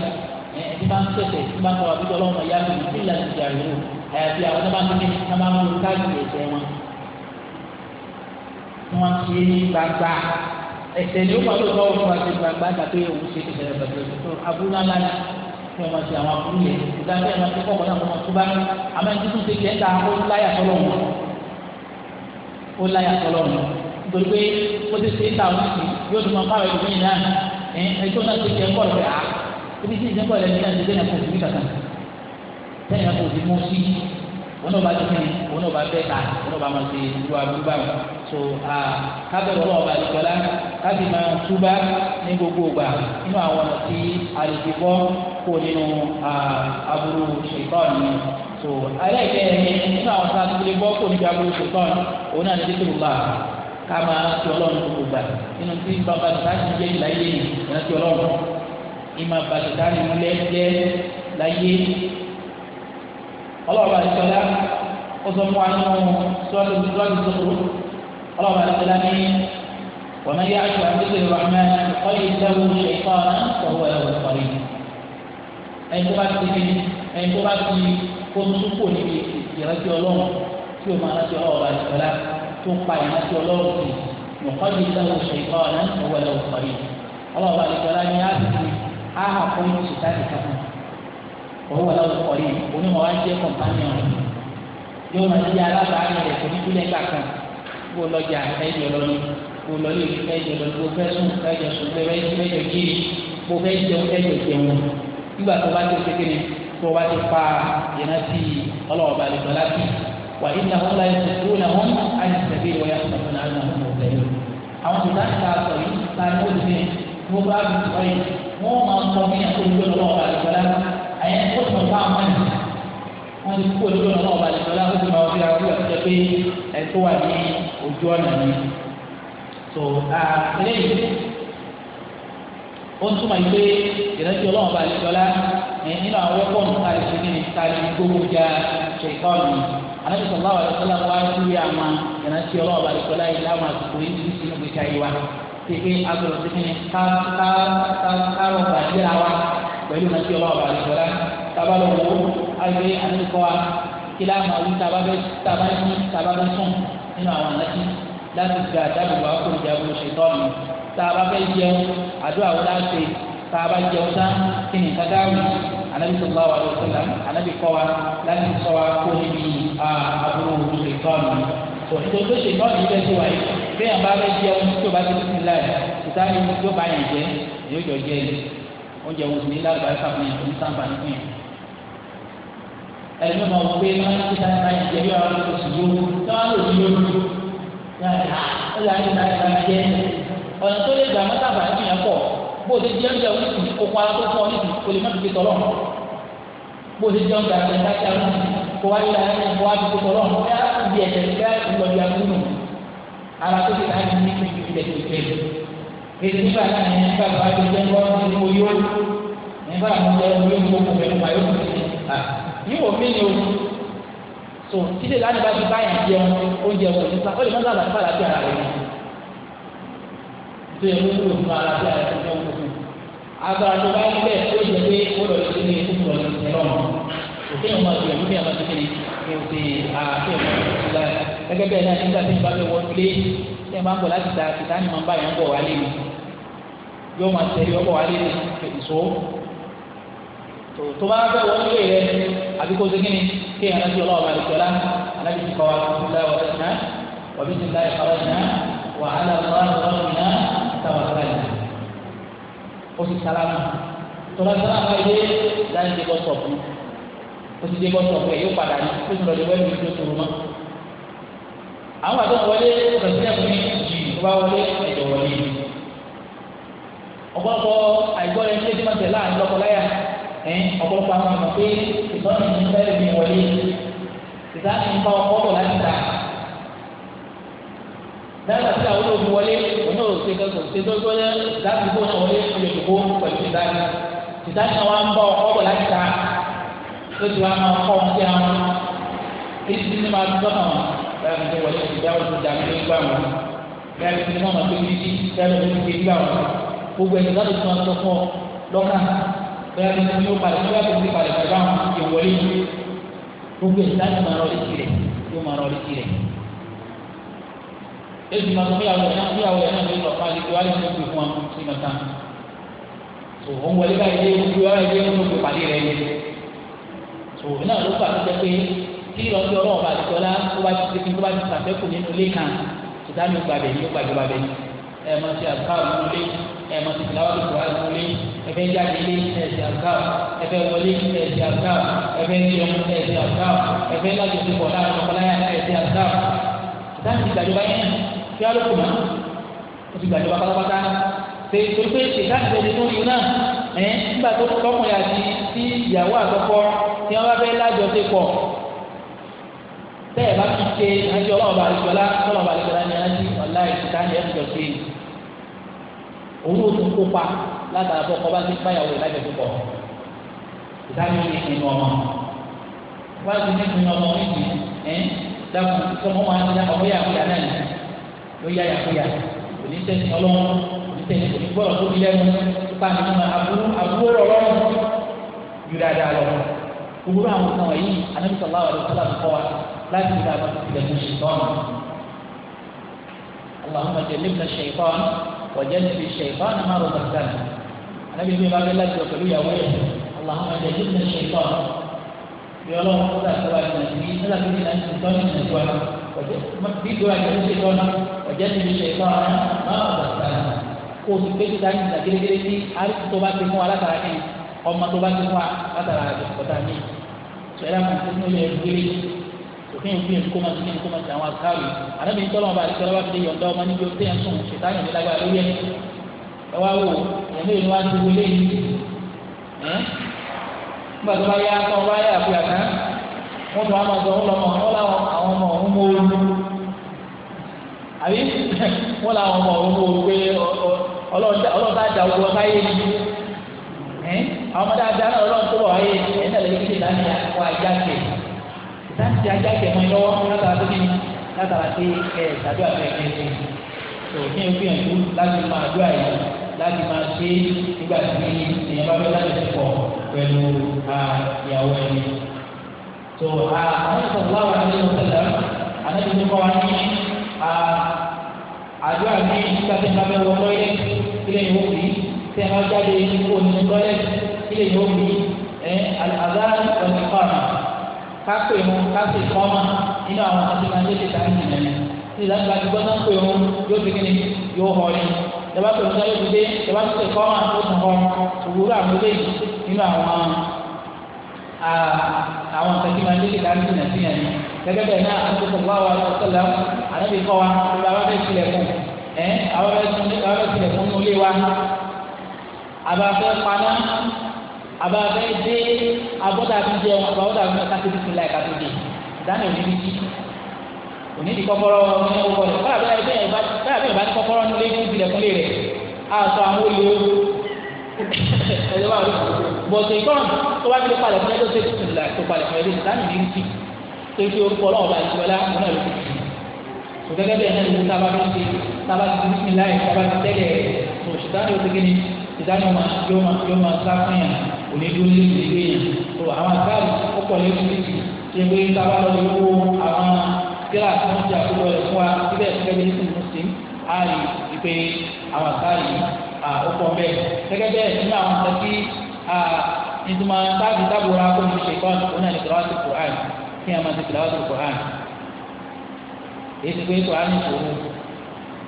ẹ ti máa ń tẹ̀sẹ̀ ti máa ń tọrọ àbíkọ ọlọ́run yàrá mi ìlà lè di àdìrò àwọn náà máa ń tẹ̀sẹ̀ ti máa ń mú káàkiri ẹsẹ̀ wọn. wọn ti ní gbàgbà ẹsẹ̀ ni ó máa lọ́wọ́ kí wọn máa ṣe àwọn àbúrò yẹn ìgbà tí wọn ti kọ́kọ́ náà wọn máa tó bá yín àmọ́ ẹni tuntun ṣe jẹ́ ta ó láyà tọ́lọ̀ wọn ó láyà tọ́lọ̀ wọn nítorí pé ó ti ṣe é ta òun sí yóò tún máa bá ọ̀rọ̀ ìgbìyànjú náà ẹ ẹjọ́ náà ti jẹ́ ń bọ̀ lọ́wọ́ yà á ibi tí ìjẹ́ńbọ̀ rẹ̀ nígbà tí sẹ́yìn kò sí kàkà sẹ́yìn kò sí mú sí wọn náà bá ti fún wọn náà bá bẹ́ẹ̀ ta wọn náà bá máa ṣe irú aburú báyìí so kábẹ́rẹ́ ọlọ́ọ̀bá àdìgbọ́lá kábì máa túbá ní gbogbo ìgbà nínú àwọn ọ̀nà tí àdìgbò kó nínú aburú ṣètọ́ọ̀nù ni so alẹ́kẹ̀ẹ́ ni nínú àwọn sáà tó lè bọ́ kó níbi aburú ṣètọ́ọ̀nù òun náà ní dídùn bá ká máa ti ọlọ́run gbogbo gbà nínú tí bàbá sàtì jẹ́ ìláyé yìí ìrántí ọlọ́run ìmọ̀ bàtì sàtì múlẹ̀ jẹ́ láyé ọlọ́ọ̀bà ìṣọ̀lá ó sọ fún wa nínú sọ́ọ́lù sọ́ọ́lù sọ́ọ́lù ọlọ́ọ̀bà ìṣọ̀lá ní wàmáyé àti àti ìṣèlú ẹni tó bá ti fi ẹni tó bá fi kóńtù kò níbi ìrántí ọlọ́run tí o máa rántí ọlọ́run bá ti fẹ́lá tó pa ìrántí ọlọ́run sí nùkọ́jú ìdáwó ṣèkọ́ ọ̀nà ìwọ ẹ̀rọ ìkọ̀rí ọlọ́run bá ti fẹ́lá ní àbùkù áhà pọ́ńtù ìtàkì kankan òun wà lọ́wọ́ ìkọ̀rí onímọ̀ wá jẹ́ kọ̀mpánìọ̀n yóò máa jẹ́ alábàárẹ̀ rẹ̀ tó ní kúlẹ̀ nígbà tó bá ti ṣe kéde tó bá ti pa ìrántí ọlọ́wọ́ bá lè sọ láti wà nínú àwọn ọlọ́yẹ tuntun náà wọn á ní sẹ́bí ìwé àtúntò náà nínú àwọn ọ̀sẹ̀ yìí. àwọn tó dáhùn ká sọ yìí ká ní ó ti ní wọn bá fi sọ yìí wọn máa ń sọ fún yàtọ̀ ìgbẹ́ ọlọ́wọ́ bá lè láti àyẹ̀ ó sọ fún àwọn ọmọ wọn ti kú olùdó náà ọba àlejò ọlá ọdún máa ó ń túmọ̀ yìí pé ìrántí ọlọ́run bá àlejò ọlá nínú àwọn wẹ́pọ̀nù káàdì sí ní káàdì gbogbo ja ṣèkọ́ọ̀nù anábì sọ̀lá wà lọ́sọ̀lá wá síbi àwọn ìrántí ọlọ́run bá àlejò ọlá yìí láwọn àsìkò yìí ti sínú gbèsè ayé wa pépé agbọ̀dọ̀ sí ní kárọ̀ bàjẹ́ra wa pẹ̀lú ìrántí ọlọ́run bá àlejò ọlá tábàlọ̀ wò àgbẹ̀ anábì kọ́ wa kí láwọn àwọn tábàbẹ́ tá a bá fẹ́ jẹun àdúrà wo la ṣe tá a bá jẹun tán kí ni nǹkan dáhùn anabi sallallahu alaihi wasallam anabi kọ́ wa láti sọ wa kó níbi àbúrò ṣètọ́nù tó tó ṣètọ́nù yìí bẹ́ẹ̀ ti wáyé bẹ́ẹ̀ bá fẹ́ jẹun tó bá ti fi láì ìta ni yóò bá yẹn jẹ èyí jọ jẹ yìí oúnjẹ wo sì ní lálùbáríkà fún yẹn ní sáǹfààní fún yẹn ẹni mọ̀ pé máa ń kíta nípa ìjẹ́ yóò àwọn oṣù yóò tó àwọn oṣù yóò tó yàrá ó yàrá nípa ìjẹ́ ọ̀nà tó lè gbà mọ́tà bàá fi yàn pọ̀ bó o ti jẹ́ oúnjẹ oníṣìí okun ara tó fún ọ níṣìí o lè má fi tọ̀lọ̀ bó o ti jẹ́ oúnjẹ àti ẹ̀ka tí a lọ́nà kó wá yíra ẹni kó wá fi tọ̀lọ̀ kó yá ibi ẹ̀jẹ̀ ti fẹ́ ìlọ́dì agbóhùn ara tó ti láti ní ìpínlẹ̀ ìpínlẹ̀ èdè nígbà náà ní tó ti jẹ́ ní ní gbogbo pẹ̀lú ayó yíwò mí so títí láti bá ti báyà jẹun oúnjẹ wọn ò ní sá ó lè má sábà nípa láti ara rẹ tó yẹ kó wúlò fún ara tí a yẹ kó wúlò fún agbára tó bá yẹ bẹ́ẹ̀ ó yẹ pé ó lọ sí ní kó lọ sí ẹlọ́mù òkè yẹn máa gbìyànjú bí àwọn akékeré kí o ti àáké wọn lọ gẹ́gẹ́ bẹ́ẹ̀ náà nígbà tí n bá fẹ́ wọ́n lé tí n bá ń bọ̀ láti ta kìtá ni màá bá yẹn bọ̀ wálé mi yóò máa tẹ̀lé ọkọ̀ wálé mi ìṣó tó bá fẹ́ wọ́n lé rẹ àbí kó o ti kí ni ọlọ́wọ́ bá lè tọ́lá alábi ti kọ́ wa kó o ti láyọ̀ wọ́n ti ná wọ́n ti ti láyọ̀ wọ́n ti ná wàhálà wọ́n ti ná sama sábà yìí ó sì sálámà tọ́lá sálámà yìí láti dé bọ́sọ̀ fún ó sì itu bọ́sọ̀ fún ẹ̀ yóò padà ní ó sì lọ lè wẹ́ẹ̀mí tó tó mọ́. àwọn àti wọlé pẹ̀sìlẹ̀ fún ìjì tó bá wọlé ẹ̀jọ̀ wọlé ọ̀pọ̀lọpọ̀ àìgbọ́ ẹni tí ma tẹ̀lé àti lọ́kọ̀láyà ẹ̀ ọ̀pọ̀lọpọ̀ àwọn àmọ̀ pé ìtọ́ni ìfẹ́ lè mi wọlé ìtàn ìfọ̀ ọ̀pọ̀ láti ta náírà tí àwọn olóògùn wọlé òní òsè kẹsàn ṣe tó gbọ́dọ̀ láti kó náà wọlé olùdókòwò pẹ̀lú ìdáná ìdáná wa ń bọ̀ ọ̀bọ̀ láti ta lójú wa máa kọ́ ọ̀hún sí àwọn èsì ní máa tọ́ àwọn láti tó wọlé ìdá òtún dàbí ló gbà wọn láti tó náà máa tó yí sí dáná ló ti gbà wọn gbogbo ẹ̀sìn láti tó máa tọ́ fún ọ lọ́kà láti tó yóò padà tó yàtọ̀ sí padà padà báwọn ìwọlé gbogbo ẹ̀sìn láti máa rọ èsì máa sọ fún ìyàwó yẹn fún ìyàwó yẹn náà ló lọ fún àlejò wálé tó gbé fún wa sí ìmọ̀ tán tó òun wọlé báyìí dé ojú ara ẹgbẹ́ wọn ló gbé pàdé rẹ yẹn tó náà ló fà tó jẹ pé tí ìrọ̀lẹ́ ọlọ́run bá ti tọ́lá tó bá ti tẹ́kí tó bá ti sàfẹ́kù nínú ilé kan ìdáni gbàgbẹ́ ní gbàgbẹ́ ẹ máa ti àgbáwò nínú ilé ẹ máa ti tìlàwọ́ tó wà nínú ilé ẹfẹ jáde ilé ẹsẹ àgbà ẹfẹ wọlé ẹsẹ àgbà ẹfẹ jẹun ẹsẹ àgbà ẹfẹ lájọsí pọ̀ láàrin ọkọláyà ẹsẹ àgbà ìdáni gbàgbẹ́ báyìí kí á ló kù mọ́ ó ti gbàjọba pátápátá ṣe tó pé ìdáhùn ìdẹ́ni tó yun náà ẹ̀ nígbà tó tọkùnrin àti tí ìyàwó àtọkọ tí wọ́n bá fẹ́ lájọṣepọ̀ bẹ́ẹ̀ bá fi ṣe ẹjọ́ ọlọ́ọ̀bà àlejòlá ọlọ́ọ̀bà àlejòlá ni ẹni ọ̀la ìṣìkà ni ẹni jọ̀ṣe òun ò tún kópa látara bọ́ kọ́ba ti báyàwó ìlàjọṣepọ̀ ìdájọ́ ní ìpinnu ọmọ wọ́n ti ní ìpinnu ọmọ níbi ẹ̀ dákun sọmọ wọn á ti dá ọmọ yà wọ́n yà náà ló yá yàkúyà kò ní tẹ́ni ọlọ́run kò ní tẹ́ni kò ní gbọ́dọ̀ tóbi lẹ́nu nípa nínú àbúrò àbúrò ọlọ́run ju dáadáa lọ. gbogbo àwọn nǹkan wọ̀nyí Ànábì sallallahu alaihi wasallam kọ́ wa láti ìdá àwọn ìdẹ̀kùn ṣètọ́nù. Allahumma jannibna ash-shaytan wa jannib ash-shaytan ma razaqtana. Ànábì bí wàá gbẹ́lá jọ pẹ̀lú ìyàwó yẹn jẹ́ni mi ṣètò ọ̀rẹ́ máa ọ̀gá sàrà kó o ti gbé títa ní ìdàgédégédé tí àríkù tó bá ti fún wa látara ní ọmọ tó bá ti fún wa látara ìkọ̀tà ní ìṣẹ̀lẹ̀ àwọn ìṣẹ̀lẹ̀ ní ìlú gbélé òfin òfin ìlú kọ́mọ sí kọ́mọ sí àwọn akáwì àdàbí ntọ́lọ́ ọba àdìsọ́lọ́ bá fi lè yọ̀ǹda ọmọ níbi ọtí ẹ̀ sùn ṣètà ní ìdílágbà lórí ẹ̀ ẹ wá wò ẹ̀mí ìlú wa ti wọlé yìí ẹ̀ nígbà bá yá tó bá yá àfihàn kan wọ́n tún wá máa sọ ọ́ lọ́mọ àbí wọ́n làwọn ọmọ òun wò pé ọlọ́ọ̀dá da ogun ọba yé ni àwọn ọmọ dáadáa náà ọlọ́ọ̀dá tó bọ̀ wáyé ẹ̀yìn náà lè fi ìlànà àwọn àjáde ìlànà ti àjáde mọ́ lọ́wọ́ látara tó kíni látara tí ẹ̀ ṣàdúrà fẹ́ kẹ́kẹ́ tó kí n gbìyànjú láti máa dúrà yìí láti máa ṣe nígbà tí èèyàn bá fẹ́ láti ṣe pọ̀ pẹ̀lú ìyàwó ẹni. tó àwọn ìṣòwò àwọn àti ìṣòwò àdúrà ní ìtàkì ìpamẹ́ wọ lọ́yẹ̀ kílẹ̀ yóò fi tẹ̀ ọ́ jáde kó nínú lọ́yẹ̀ kílẹ̀ yóò fi ẹ̀ àdá ọ̀nì kọ́ọ̀mà kápẹ́ wọn kápẹ́ kọ́ọ̀mà nínú àwọn àti máa ń tètè ta ní ìlẹ̀ ní ìlànà ìgbà tí wọ́n náà pè wọn yóò fi kíni yóò họ ni ìjọba pè wọn sọ yóò fi dé ìjọba pè kọ́ọ̀mà ó tàn họ òwúrọ̀ àwọn ilé nínú àwọn àwọn àti máa ń tètè ta ní ìlẹ̀ gẹ́gẹ́ bẹ́ẹ̀ náà àti sọ̀rọ̀ àwọn àwọn sọ̀lá ànábì kọ́ wa ìgbà wa fẹ́ tilẹ̀ fún ẹ àwọn fẹ́ tilẹ̀ fún nulẹ̀ wa àbá fẹ́ paná àbá fẹ́ dé abọ́dà fi jẹun àbá bọ́dà fi ká tóbi sílẹ̀ ká tóbi ìdáná òní bí kí òní di kọ́kọ́rọ́ ní ọkọ rẹ̀ báyà bẹ́ẹ̀ bẹ́ẹ̀ bá ní kọ́kọ́rọ́ nulẹ̀ fún tilẹ̀ fún lé rẹ̀ àtọ àwọn olè o ẹ̀dọ́ bá rí bọ̀ọ̀sẹ̀ ìkọ́ràn tó wá nílé palẹ̀ fún ẹjọ́ tó palẹ̀ fún ẹjọ́ ìdáná òní bí kí tó ṣe orúkọ ọlọ́wọ́ bá ìṣúwọ́lá wọn náà lò kò gẹ́gẹ́ bẹ́ẹ̀ náà ló sábà ló ṣe sábà ti ní ìlà ẹ̀ sábà ti tẹ́lẹ̀ ẹ̀ tó ṣùgbọ́n yóò tẹ́gẹ́ ni ìdáni ọmọ yóò máa yóò máa sá fún yàn òní dúró ní ìdílé yàn tó àwọn akáàbù ó pọ̀ lẹ́kùn títì ṣe pé sábà lọ lè wo àwọn gíláàsì wọn ti àkójọ rẹ̀ fún wa síbẹ̀ gẹ́gẹ́ ní sùn sí àárí ìpè àwọn akáàbù ó pọ̀ bẹ́ẹ̀ gẹ́gẹ́ bẹ́ẹ̀ nínú àwọn nǹkan ìtumọ̀ táàbù táàbù ra ṣe kọ́ ọ̀nà ìgbà wá kí a máa ti tìlàwọ́ tó kọ́ra èsì pé kọ́ra ní ìṣòro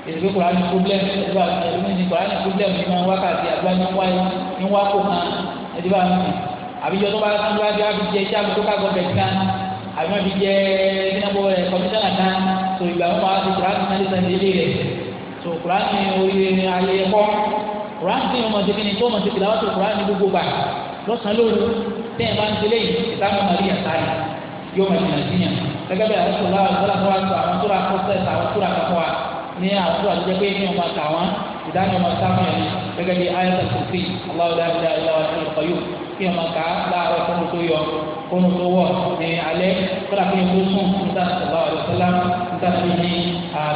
èsì pé kọ́ra ní problem ẹ̀dí bá mi ní kọ́ra ní problem ní máa wákàtí àgbà ní wáyé ní wákò kan ẹ̀dí bá mi àbíjọ tó bá tó bá jẹ́ àbíjẹ iṣẹ́ àbíjọ ká gọ́ọ̀bẹ̀ kan àbí wọ́n fi jẹ́ ẹ̀dínàbọ̀ rẹ̀ kọ́míṣánná kan tó ìgbà wọn máa ti kọ́ra ní sáré sáré lé rẹ̀ tó kọ́ra ní oríire ayé ẹ̀kọ́ kọ́ra ní ọmọ ti fi ni tó ọmọ ti tìlàwọ́ tó kọ́ra ní gbogbo gbà lọ́sàn-án lóru tẹ́yìn bá ń tẹ́lẹ̀ yìí ìtàn yóò máa jìnnà sí yàn gẹ́gẹ́ bẹ́ẹ̀ àwọn sọlá àgbàlá tó wà sọ àwọn tó ra kọsẹ àwọn tó ra kọkọ wa ní àwọn tó wà tó jẹ pé ní ọmọ àtà wọn ìdáná ọmọ sáfún yẹn gẹ́gẹ́ bí ayẹyẹ kòfì aláwọ dáadáa ìlàwọ àti ọkọyò kí ọmọ ká láàárọ̀ fóònù tó yọ fóònù tó wọ ní alẹ́ kọlá kí ọmọ sùn níta sọlá àlùsọlá níta sí ní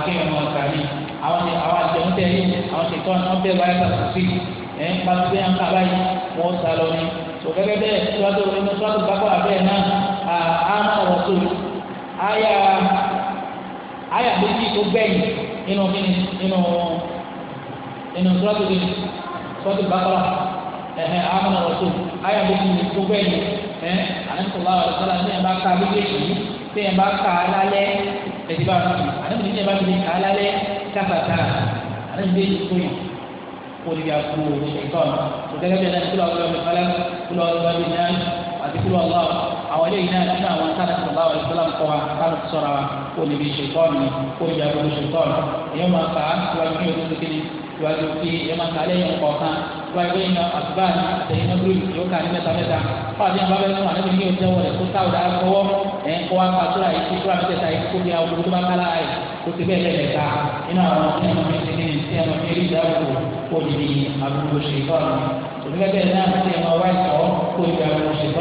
kí ọmọ ká ní àwọn ni àwọn àjẹmú tẹ ní àwọn ṣètò ọ̀nà ọ̀bẹ ayẹyẹ kòfì ẹ̀ pàṣẹ àǹkà báyìí wọ́n sá lọ àmà rasul àyà àyà méjì tó gbẹ̀yìn nínú kíni nínú nínú sọ́ọ̀tù kíni sọ́ọ̀tù bàkàrà ẹ̀hẹ̀ àmà rasul àyà méjì tó gbẹ̀yìn ẹ̀ àníkùlá ọ̀sán àti ẹ̀ bá ká méjèèjì yìí tí ẹ̀ bá ká lálẹ́ ẹ̀dí bá wọn àníbi tí ẹ̀ bá fi ká lálẹ́ káfàtà àníbi tí ẹ̀ kóyìn kó o lè yà kú o ṣèkọ́n kò gẹ́gẹ́ bí ẹ̀ náà kúlọ̀ ọ̀gbọ́n mi kọ́lá kúlọ̀ ọ̀gbọ́n mi náà àti kúrò ọlọ́ àwọn eléyìí náà nínú àwọn sáà nàìjíríà báwa ní sọlá ńkọ wa kálù sọra wa kó lè fi ṣètọ́ọ̀nù kó lè yàgò lè ṣètọ́ọ̀nù èèyàn máa kà á síwájú ní ojú kékeré síwájú kí èèyàn máa kà á lẹ́yìn kọ̀ọ̀kan síwájú ní àtúbà àtẹ̀yìn náà lórí yóò kà ní mẹ́ta mẹ́ta fáwọn àbá bẹ́ẹ̀ fún àlejò ní ojú wọlé kó táwọn dáa fọwọ́ ẹ̀ ń kọ́ apá sóra yìí kí sóra mẹ́tẹ̀ẹ̀ta yìí kó bí àwọn olùkọ́ bá kálá yìí kó ti bẹ́ẹ̀ lẹ́ẹ̀ta nínú àwọn tí wọ́n fi ti ní tí wọ́n fi rí ìdáàbò kó di àbúrò ṣètọ́ọ̀nù onígbàgbẹ́ náà ti ẹ̀ máa wá ìtọ́ kó ibi àwọn òṣèlú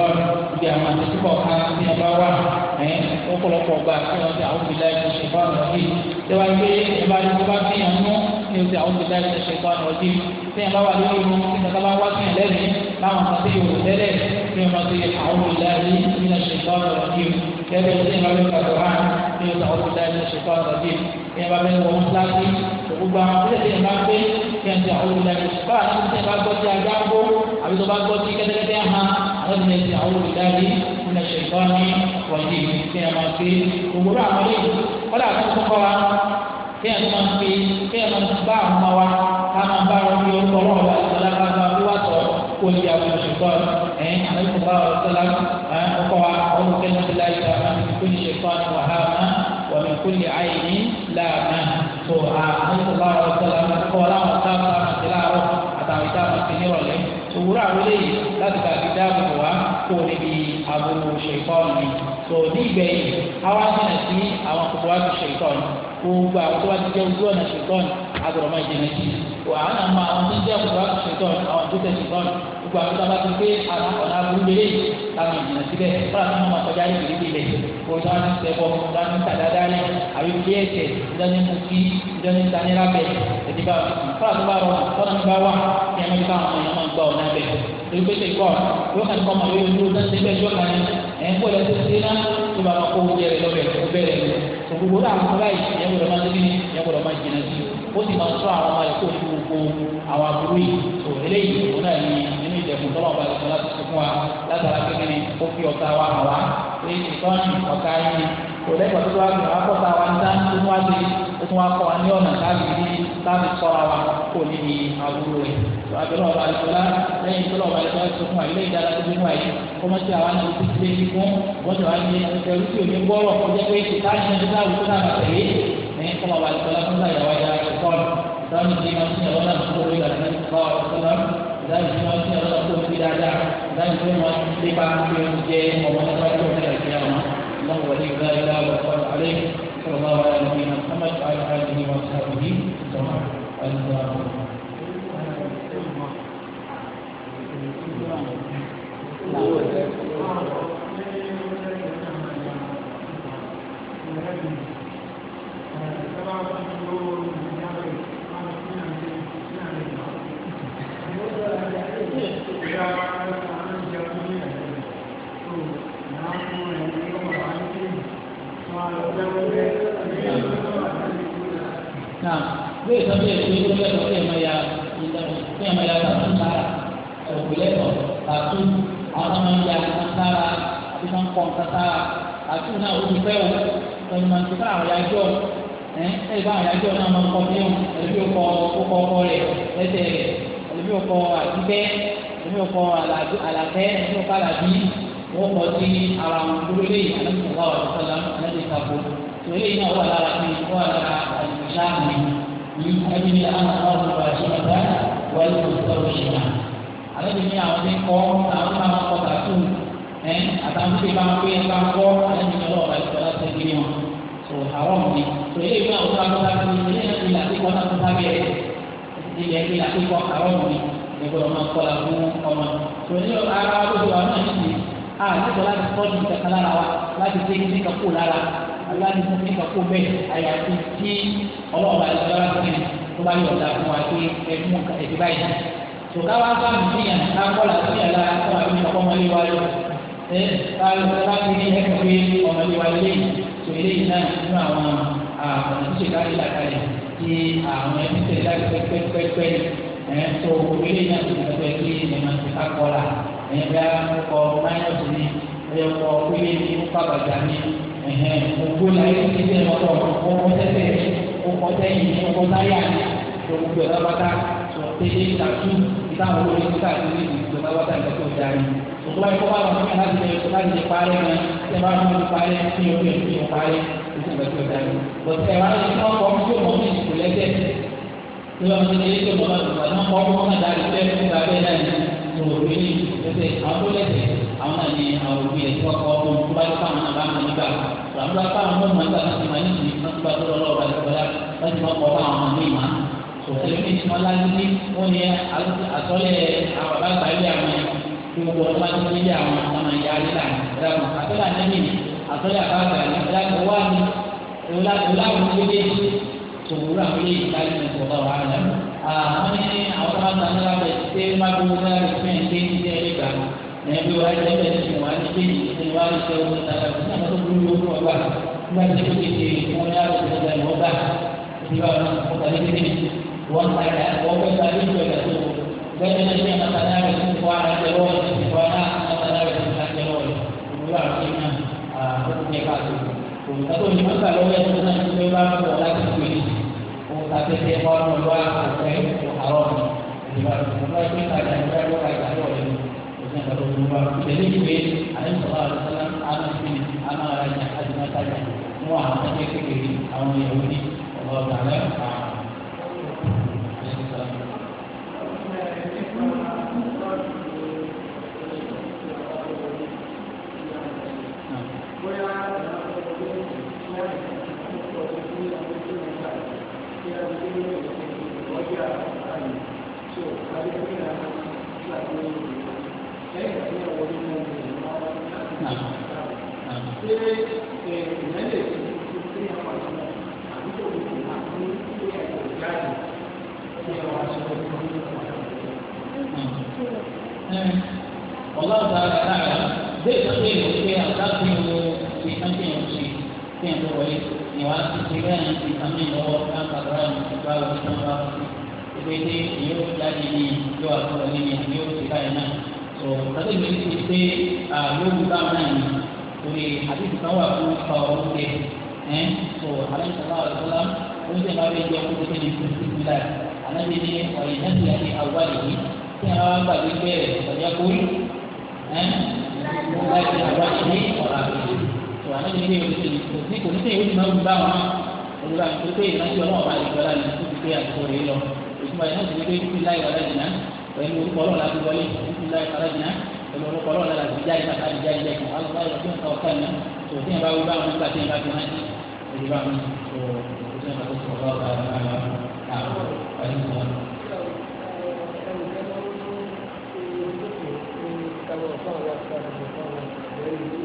ibi àwọn àtẹ̀síkọ̀ kan tí ẹ bá wà ẹ̀ ọ̀pọ̀lọpọ̀ gba kí wọ́n ti àwọn òbílẹ̀ ìṣèlú ọ̀nàdì tí wọ́n gbé ẹ bá ní kó bá fi hàn mú ní o ti àwọn òbílẹ̀ ìṣèlú ọ̀nàdì tí ẹ bá wà lórí irun tí ẹ bá wá fihàn lẹ́rìí láwọn kan tí yòó tẹ́lẹ̀ tí wọ́n ti àwọn òbílẹ̀ ìṣèlú ọ̀nàdì ní ẹ bá bẹ wọ mọ́sálásí gbogbo àwọn abúlé tí ẹ bá gbé kí ẹ ti àwọn olùdarí báwa ní ti ẹ bá gbọ́ sí ajá gbó àbí tó bá gbọ́ sí kẹ́tẹ́kẹ́tẹ́ hàn àwọn ti ẹ ti àwọn olùdarí fún ẹsẹ̀ ìtọ́ni wọ̀nyí kí ẹ máa fi gbogbo àwọn ilé kọ́lá tó kọ́kọ́ wa kí ẹ máa fi kí ẹ máa bá àwọn ọmọ wa ká máa bá wọn fi orúkọ wọn wà lọ́lágbàgbà bí wàá sọ kó di àwọn ẹsẹ̀ ìtọ́ni ẹ̀ àwọn wàmí kúlì àyìní làánà tó a mọ́tòlá ọ̀sọ́lá kọ́lá ọ̀sá àti láàárọ̀ àtàwọn ìta àti nírọ̀lẹ́ òwúrọ̀ àwọlé yìí láti kàfi dáàbò wá kó níbi àbúrò ṣèkọ́ọ̀nù ni tó ní ìgbẹ̀yìn àwọn àjìnà sí àwọn kòkòrò àti ṣèkọ́ọ̀nù gbogbo àwọn tó bá ti jẹ́ ojú ọ̀nà ṣèkọ́ọ̀nù agbọ̀rọ̀ máa jìnà gbogbo àwọn tó bá ti pé ara ọ̀nà àbúgbélé láwọn ìjìnà síbẹ̀ fọlá tó máa kọjá ní ìrírí ilẹ̀ kó tó wá ní sẹ́bọ̀ tó wá ní sàdáadá ní àbí fi ẹ̀sẹ̀ ìdánimú kí ìdánimú tanira bẹ̀ ẹ̀dí bá fọlá tó bá rọrùn fọlá tó bá wà ní ẹ̀mọ́ ìgbà àwọn èèyàn máa gbà ọ̀nà bẹ̀ torí pé ṣe kọ́ yóò kàn kọ́ màá yóò dúró dáńtẹ́ bẹ́ẹ̀ yóò kàn ẹ̀ ń bọ̀lẹ̀ tó ṣe ná tó bá máa kó oúnjẹ rẹ̀ lọ́bẹ̀ ó bẹ̀rẹ̀ lọ. òkùnkùn náà àwọn ọlá yìí ìyẹn gbọ́dọ̀ máa ó sì máa sọ àwọn ọmọ rẹ̀ kó fún gbogbo àwọn aburú yìí tó eléyìí òun náà ní nínú ìdẹ̀kùn tọ́lọ̀ ọba ìṣẹ̀lẹ̀ láti fi fún wa látara kékeré ó fi ọ̀tá wa hàn wá pé ìtọ́ni ọ̀tá yìí kò lẹ́kọ̀ọ́ tó wá gbìyànjú akọ́ta wa ní sáà tó wá dé ó tún wá kọ́ wa ní ọ̀nà káàkiri láti sọ́ra wa kó níbi aburú rẹ̀ tó abẹ́rẹ́ ọba ìṣọ̀lá lẹ́yìn tó lọ́ba ìṣọ̀lá tó fún wa ilé ìdára tó fún wa yìí kọ́mọ́tì àwa ní ojú ti lé ní fún wọ́n ti wá ní ẹrú tí ò ní gbọ́rọ̀ kọjá pé ìtàkùn ìdáwó tó dábàá tẹ̀lé ní kọ́mọ bá ìṣọ́lá fún ìyàwó ìyá ìṣọ́n ìṣọ́n ìdí máa ń tún ìyàwó náà kúrò lórí àti ìṣọ́ ìṣọ́n ìdáyìí tí wọ́n ti ọ̀rọ̀ náà kúrò lórí dáadáa ìdáyìí tí wọ́n ti lé bá ti ń jẹ ọmọ nípa tó ń tẹ̀lé ọmọ náà wọlé ìgbà ìlà ọ̀sán àlẹ́ صلى الله على Thank you. Nah, ini sampai itu juga sampai yang maya, yang maya antara boleh satu atau maya antara kita kong antara, aku nak ubah, kalau kita maya jauh ẹ ẹ bá àwọn àjọ náà máa kọ bí ó ẹlòmí ò kọ ọkọ ọkọ rẹ lẹsẹ rẹ ẹlòmí ò kọ àdìbẹ ẹlòmí ò kọ àlàfẹ ẹlòmí ò kọ àlàbí wọn kọ sí ara wọn dúró lẹ́yìn alẹ́sọ̀tà wà lọ́sọ̀lá alẹ́sọ̀ ìtàkùn tó lẹ́yìn náà wà lára sí wà lára àlùfáà mi ní ẹbí àwọn ọmọ àṣìṣe wọ́n ti sọ̀rọ̀ ṣe wá. Àlejò ní àwọn ti kọ́ àwọn máa ma kọ́ kàtó ẹ̀ àtàwọn ti máa ń pè é bá ń kọ́ àlejò ní ọlọ́ọ̀bá ìṣọ̀lá ti gbé tó àwọn ni, tó ilé ìwé àwọn sábà ní ilé ìwé àtìkọ́ náà tó sábẹ́ rẹ̀ ilé ìwé àtìkọ́ àwọn mi ìgbọ̀dọ̀ máa kọ́ la fún ọmọ tó ilé ara tó ti wà náà ní ti a nígbà láti kọ́ ní kẹta lára wa láti dé ní kakó lára láti fún ní kakó bẹ́ẹ̀ àyàfi tí ọlọ́ọ̀bà ìjọba fún mi tó bá yọ̀ ọ̀dà fún wa pé ẹ̀mú ẹ̀dí báyìí tó káwá bá mi níyàn ká kọ́ la sí ẹ̀la kọ́ la fi ọkọ̀ ọmọlé wa lọ ẹ̀ ká lọ́ọ́ eléyìí náà nínú àwọn àwọn ìṣèlú àdìlàkalẹ̀ tí àwọn ẹbí tẹ̀ láti pẹ́pẹ́pẹ́ ẹ̀ tó eléyìí náà ti pẹ́ kí ẹ̀ máa ti kákọ́ la ẹ̀ bá kọ́ máyọ̀sì ni ẹ̀ kọ́ péye ní pàbàjá ni ẹ̀hẹ́n ògbó la yẹ kí ẹ̀ lọ́tọ̀ ọkọ̀ tẹ́tẹ́ ọkọ̀ tẹ́yìn ọkọ̀ táyà ni gbogbo ẹ̀ lọ́bàtà tẹ̀lé ìtàkùn ìtàwọn olóyún káàkiri ìgbòlá tó bá yẹ kó bá wọn fún aláàbí ẹ láti lè parí ẹ tẹ bá wọn fi parí ẹ ní orí ẹ fi wọn parí ẹ ti gbàgbé ọ̀dà yìí bọ̀tẹ̀ ẹ wá lè fún ọkọ̀ tí o mọ̀ ní ìsìnkú lẹ́sẹ̀ tó bá wọn ti lè tó mọ̀ lọ́dún náà kọ́ fún ọ̀dà rẹ̀ tẹ́ fún ìgbà bẹ́ẹ̀ náà ní òwúrọ̀ yìí lẹ́sẹ̀ àwọn tó lẹ́sẹ̀ àwọn náà ní àwọn òbí ẹ̀ tí wọ́n ti máa ní ní wọ́n ní àtọ́lẹ̀ àwọn bàbá ìgbàlẹ̀ àwọn tí o gbọ́dọ̀ máa tún nílé àwọn ọmọ ìyá rírà ìdáàbò àtọ́lá nẹ́mì àtọ́lá àbáàbà ìdáàbò wà ní ìwúláwọ̀ nílé tòwúrọ̀ àwọn ilé ìdáàbò ìgbọ̀ngàn wà lẹ́. àwọn ní àwọn tó máa ń tanú lábẹ́ ṣé má dúró láàrin fún ẹ̀ ṣé ní ẹ̀rí gbà ẹ̀bí wa ẹ̀jẹ̀ bẹ̀ ní ìwà ní pé ìṣẹ̀lẹ̀ wa ní sẹ́wọ́n ní tàbí àti náà tó burú lóko ọgbà nígbà tí ó ti ṣe ìwọ́n ní àrùn ìṣẹ̀lẹ̀ ọgbà ìdíbà wọn kọ́ta ní kékeré wọn ta ẹ̀ wọ́n fẹ́ ta ní ìjọba tó gẹ́gẹ́ bí ẹni ọ̀nà tàbí àwọn ẹ̀sìn kọ́ ara ẹ̀jẹ̀ lọ́wọ́ ẹ̀sìn kọ́ ara ọ̀nà tàbí àwọn ẹ̀sìn kọ́ ẹ̀jẹ̀ lọ́wọ́ ìmúlò àti ìmọ̀ àkókò ní káàkiri. Òǹtàkùn ni wọ́n gbà lọ́wọ́ ẹ̀sìn náà ti gbé bá ń bọ̀ láti pè é. Òǹtàkùn kọ́ ọ̀nà lọ́wọ́ àkọ́kọ́ ẹ̀kọ́ àrọ́ mi. Ìgbà tó ń bá ẹgbẹ́ ìgbà ìgbà ìgbà ìgbà ìgbà jadi ini ada soal dalam anak ini anak raja anak raja semua anak kecil ini awam Yahudi Allah والله تعالى أعلم ليس خير فيها تقدم في أمر شيء في أمر ولي يواسي سيران في أمر وأمر رأي في كتاب وكتاب pé ní ìyẹn ó láti ní yóò wá sọ̀rọ̀ níbi ìyẹn ó ti báyìí náà tó kàtó ìwé ti di pé lóògùn báwọn náà ní torí àdéhùn kan wà fún ipa ọ̀rọ̀ tẹ ẹ́ tó aláìsàlá ọ̀sọ́lá ó ń tẹ̀lé abẹ́ jọ kó tẹ̀lé fún fífi láì alábi ní ọ̀yìn náà ti àti àwárí yìí tí a wá gbàgbé bẹ́ẹ̀ ọ̀já kórì ẹ́ láti àwárí ní ọ̀rọ̀ àgbègbè tó alábi ní ìwé ti kò sí ìtumọ̀ yẹn náà ti di pé ibi láì wà láti náà pẹ̀lú orúkọ ọlọ́run láti wọlé ibi láì wà láti náà pẹ̀lú orúkọ ọlọ́run láti jáde náà láti jáde jáde náà alùpùpù ayọ̀ tó ń ta ọ̀tá náà tó tí yẹn bá wí bá wọn nígbà tí yẹn bá fi náà èyí bá wọn tó tó tí yẹn bá tó tó ọ̀tá ọ̀tá náà náà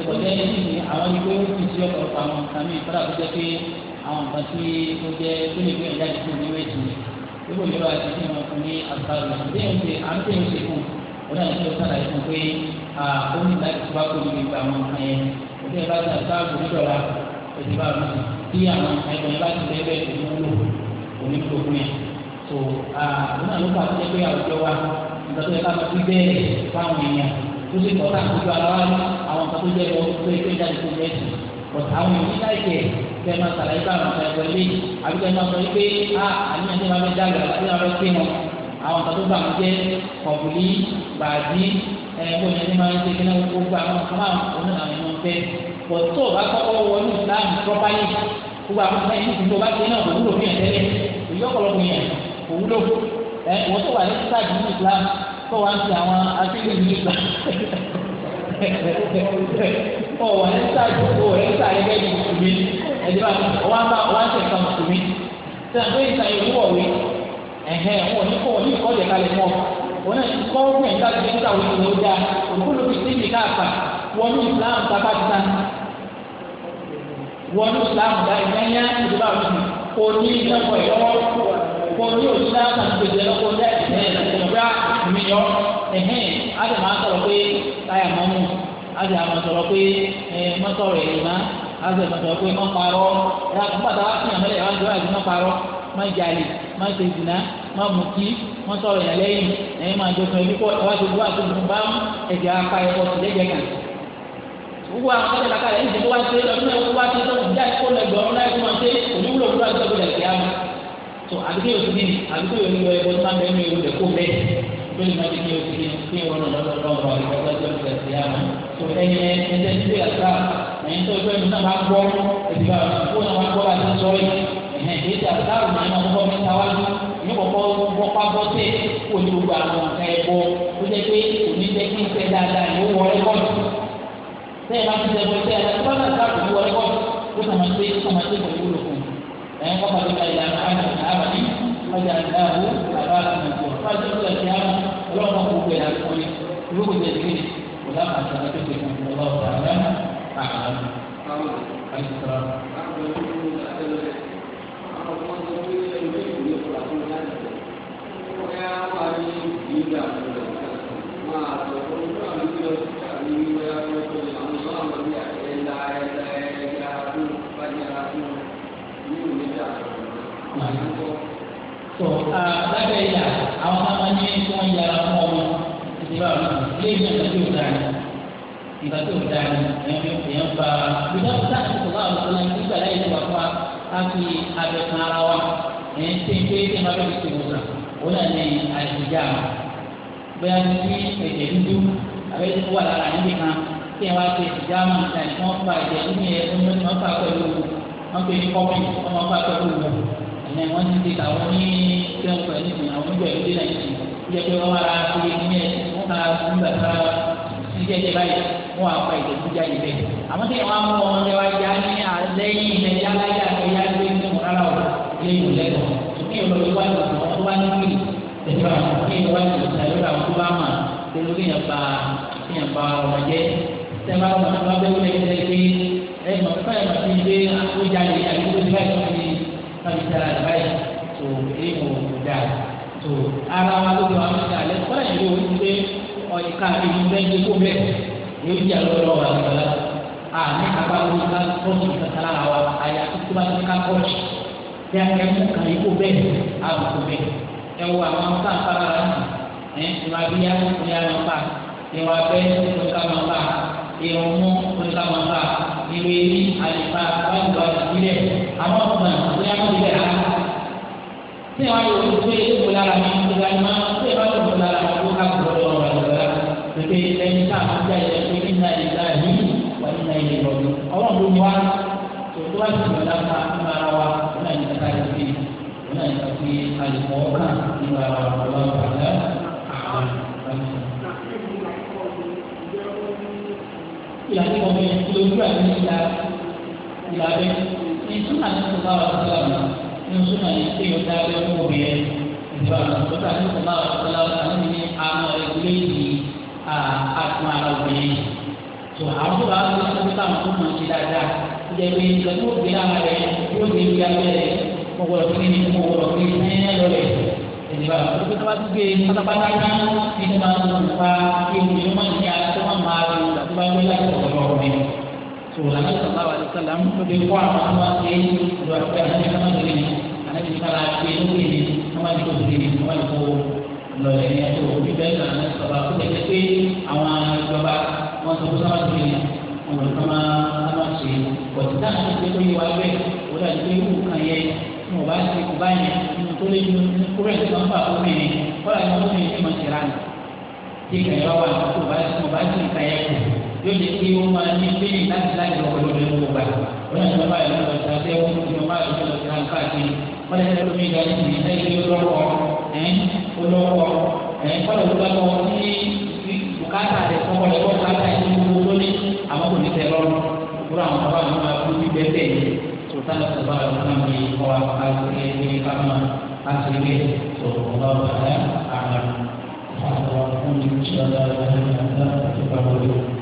ìṣẹ̀lẹ̀ jẹ́ ní àwọn ní pé ó ti sí ọ̀pọ̀lọpọ̀ àwọn nǹkan mi kọ́dà tó jẹ́ pé àwọn nǹkan tí ó jẹ́ tó lè gbé ìjáde fún mi wéjì níbo ìlú àti tí wọn fún ní àtàrà a ṣe àbẹ́yẹn ṣe fún ọ̀dà ìṣẹ́ ọ̀sára ìfún pé ó ní láti tó bá kó ní gbogbo àwọn nǹkan yẹn òbí bá ti àtàrà òdòdòra òdì bá bá ti bẹ́ẹ̀ àwọn àlùkò àti àwọn nǹkan tó jẹ́ lọ tó ẹgbẹ́ jáde tó jẹ́ ẹ̀sìn bọ̀tà àwọn èèyàn nígbà ìkẹ́ kẹ́ máa sàlàyé bá àwọn nǹkan ẹ̀kọ́ ilé àbí kẹ́ máa sọ ah, pé a àníyàn tí wọ́n fẹ́ dàgbà àti àwọn ẹgbẹ́ wọn àwọn nǹkan tó bá wọn jẹ́ kọ̀bùlì bàdí ẹ̀ẹ́dọ́ yẹn ní máa ń ṣe kí náà gbogbo àwọn nǹkan máa ń àwọn èèyàn fẹ́ bọ̀tọ̀ bá kọ́kọ́ wọnú ìsìláàmù tọ́páyì gbogbo àwọn nǹkan yìí tó bá ṣe náà kò wúlò yẹn tẹ́lẹ̀ wọ́n tó àwọn afẹ́lẹ́ ní ìgbà ọ wà ní sáájú kó ẹ̀ ń sáré bẹ́ẹ̀ ní mùsùlùmí ẹ̀dí bá wọn bá wọn tẹ̀ ká mùsùlùmí sẹ́yìn pé ìta ìlú ọ̀wé ẹ̀hẹ́ wọn ní kọ́ wọn ní ìkọ́jẹ̀ kalẹ̀ mọ́ wọn náà ti kọ́ fún ẹ̀ka ti ń sàwọn ìlú ọjà òkúlù fi síbi káàpà wọn ní Islam tapátá wọn ní Islam dá ìyẹn yá ìdúrà òsì kò ní ìjọba ìlọ́wọ́ ọ̀pọ̀ ní òṣìṣẹ́ àtàkùnjẹ lọ́kọ̀ dẹ́ ẹ̀hìn ọ̀gá mi yọ ẹ̀hìn á sì máa sọ̀rọ̀ pé táyà máa mú á sì máa sọ̀rọ̀ pé mọ́tọ̀rọ̀ ẹ̀yìn má á sì máa sọ̀rọ̀ pé wọ́n parọ́ nígbàtà wá fún àmọ́lẹ̀ wọ́n sọ̀rọ̀ àti wọ́n parọ́ má jalè má ṣe jìnnà má mú kí wọ́n sọ̀rọ̀ yẹn lẹ́yìn ẹ̀yìn máa jókòó ẹbí kọ́ ẹ̀ wá ti gbọ́ àti gbọ́ bá ẹ̀jẹ̀ apá ẹ̀kọ́ ti lẹ́jẹ̀ kan gbogbo àwọn ọmọdé làkàlẹ̀ ẹ̀jẹ̀ wá ṣe lọ́dún náà wọ́n wá ṣe lọ́dún jáde kó lẹ́gbẹ̀ẹ́ ọ̀run láì fún wọn ṣe òní wúlò wúlò àti ọ̀gbẹ̀dẹ̀ kìá mọ́ so àdúgbò yóò ti ní àdúgbò yóò ní wọ ẹbọ tó máa ń bẹ nínú ìwé kó bẹ tó ní máa ti ní oṣù kí ní wọn lọ lọ lọ lọ ìgbà tó ń bẹ sí àná tó ẹni ẹni ẹni tó yàtọ̀ ẹni tó ẹgbẹ́ mi náà máa gbọ́ ẹni bá kó náà máa gbọ́ láti sọ yìí ẹ̀hìn èyí tí àtúntà rò máa ń kọ́ mi táwájú ní kọ̀kọ́ bọ́ pápọ́ tẹ̀ kó ní gbogbo àwọn nǹkan ẹ̀bọ ó jẹ́ pé kò ní kí n fẹ́ dáadáa yóò wọ rẹ́kọ̀dù فإن وصل إذا إلى مكان من أبدي فجعلناه أباء منثورا فالجملة القيامة ولو مخلوق إلى الكل يوجد الدين ولم أتذكركم الله تعالى أعلم عليه السلام Thank you. tó uh, lábẹ́ ìyá àwọn ọmọ ní kí wọ́n yára fún ọmọ títí bá wọn lé ní ọ̀gá tí ò ní ìgbà tí ò ní ẹ̀yàn bá a. ìjọba tí táàkì tó bá àwọn ọ̀sán láti nígbà láyé ti wà fún wa á fi abẹ kan ara wa ẹ̀ ń tẹ́ pé ẹ̀ máa bẹ̀rẹ̀ sí ìwòsàn òun náà ní àìsíjà àwọn bóyá ní bí ẹ̀jẹ̀ dúdú àbẹ́ wà lára níbi kan kí ẹ wá ṣe ìjà máa ń ta ìfọ́nfà ẹ̀jẹ̀ wọ́n pè ní kọ́pì wọ́n máa bá tọ́jú rẹ̀ ẹ̀yìn wọ́n ti di àwọn ní sẹ́wọ̀n pẹ̀lú ìsìn àwọn onígbà ìlú dé náà ìsìn jẹ́ pé wọ́n wára ṣe ní ẹ̀ wọ́n ká nígbà sára sí jẹ́jẹ́ báyìí wọ́n á pa ìdẹ̀kú jáde bẹ́ẹ̀. àmọ́ tí wọ́n á mú wọn lẹ́wà já ní àlẹ́yìn ẹ̀yà láyà ẹ̀yà lé ní mọ̀lára ọ̀ lẹ́yìn lẹ́kọ̀ọ́ kí ìrọ̀lẹ́ wá ní ọ̀sán tó bá ní kiri tẹ̀síwá kí ìrọ̀lẹ́ wá ní ọ̀sán lórí àwọn tó bá mà tẹ̀lé kí yẹn pa ọmọ jẹ́ tẹ̀lé ẹ mọ fún ẹ mọ sí ilé àkójá yìí àdúgbò tí báyìí wọn ti wọn ti tẹ̀lé àbáyé tó èyí mọ òkú dà tó ara wa ló ti wà wọn ti alẹ́ kọ́lá yìí ló ti pé ọ̀yìnká ìlú méje kó bẹ́ẹ̀ yóò di àlọ́ lọ́wọ́ àgbàlá àmì àbáwọ̀ ká kọ́ọ̀tù kankan lára wa àyà tó bá ti ká kọ́ọ̀tù bí a kẹ́ mú kàn yín kó bẹ́ẹ̀ àbùkù bẹ́ẹ̀ ẹ wo àwọn ọmọ sáà ń fara rà ní ẹ ìwà bíyà ìwà bá ìwà bẹ́ẹ̀ ìwà bá èèyàn mú oníkàmọ́ta ìwé ní àyíká báyìí báyìí sílẹ̀ àwọn ọ̀gbọ̀n bóyá kò lè rà. Tí wọ́n yóò tó pé èkó lára mi tó ga ìmọ̀ tó yẹ bá tó kó lára tó ká kó lọ́wọ́ ọ̀rọ̀ ìgbàlá. Pèpè ẹni tá a máa ń jáde pé iná ìlà yìí wà iná ilé lọ́dún. Ọlọ́run ló ń wá tòótọ́ wá ìgbàlá ká nínú ara wa nínú àyíká ìlà tí wọn fi lójú àti ìlà ìlà bẹ ní súnà ní sọlá wà sọlá wà ní súnà yìí tí yóò dá abẹ fún òbí yẹn ìjọba àtúntò àti sọlá wà sọlá wà ní ní àmọ́ ẹgbẹ́ yìí àtún ara òbí yẹn tó àwọn tó bá ń lọ sí táwọn tó mọ sí dáadáa ìjẹ ìjọba tó gbé ara yóò gbé ìgbé abẹ rẹ mọ̀gbọ́dọ̀ kí ni mọ̀gbọ́dọ̀ kí ni ìgbà wọn pé tọ́ba gbé pátápátá ní ní máa ń lò fa ewu yẹn máa ń ya tó máa máa lò ìgbà tó bá gbé láti ọ̀dọ̀ ọ̀rọ̀ mi. tó lànà sọ̀tà wà lẹ́sàlá ń tó lè kó àwọn tó máa ṣe ìlú àti àti àti àti àti àti àti àti àti lọ́lẹ̀ ní ẹjọ́ òbí bẹ́ẹ̀ náà ní sọ̀rọ̀ àti tẹ̀lé pé àwọn ìjọba wọn sọ fún sábà tó yẹ wọn lọ sọ máa máa ṣe pọ̀títà àti pé ó yẹ wá bẹ́ẹ̀ ó dàbí ní ọba ṣe kò bá yẹn nínú tó lé ní kúrẹ́ ní wọn bá obìnrin kọ́lá ní wọn obìnrin tí wọn ti ra nù tí ìkàyẹ̀ wá wà ní ọba ṣe ọba ṣe ìkàyẹ̀ kù yóò lè kí wọn máa ní bẹ́ẹ̀ láti láti lọ pẹ̀lú ọdún gbogbo gbà wọn yẹn lọ́ba yẹn lọ́ba ṣe àti ẹ̀wọ̀n ní ọba yẹn lọ́ba ṣe ra nǹkan àti wọn lè lọ́ọ́ mi ìdájí mi lẹ́yìn olówó ẹ̀ olówó ẹ̀ kọ́lá ló bá lọ sí bùkátà rẹ̀ kọ́kọ́ lẹ́kọ́ bùkátà ìdíwọ́ lónìí àwọn kò ní tẹ̀ lọ́rùn kúrò àwọn bàbá mi máa kú bíbẹ́ bẹ́ẹ̀ Kita sebab orang di kawasan kiri kiri kamera asli ni, so Allah berhak akan satu orang pun di sana dan di sana kita boleh.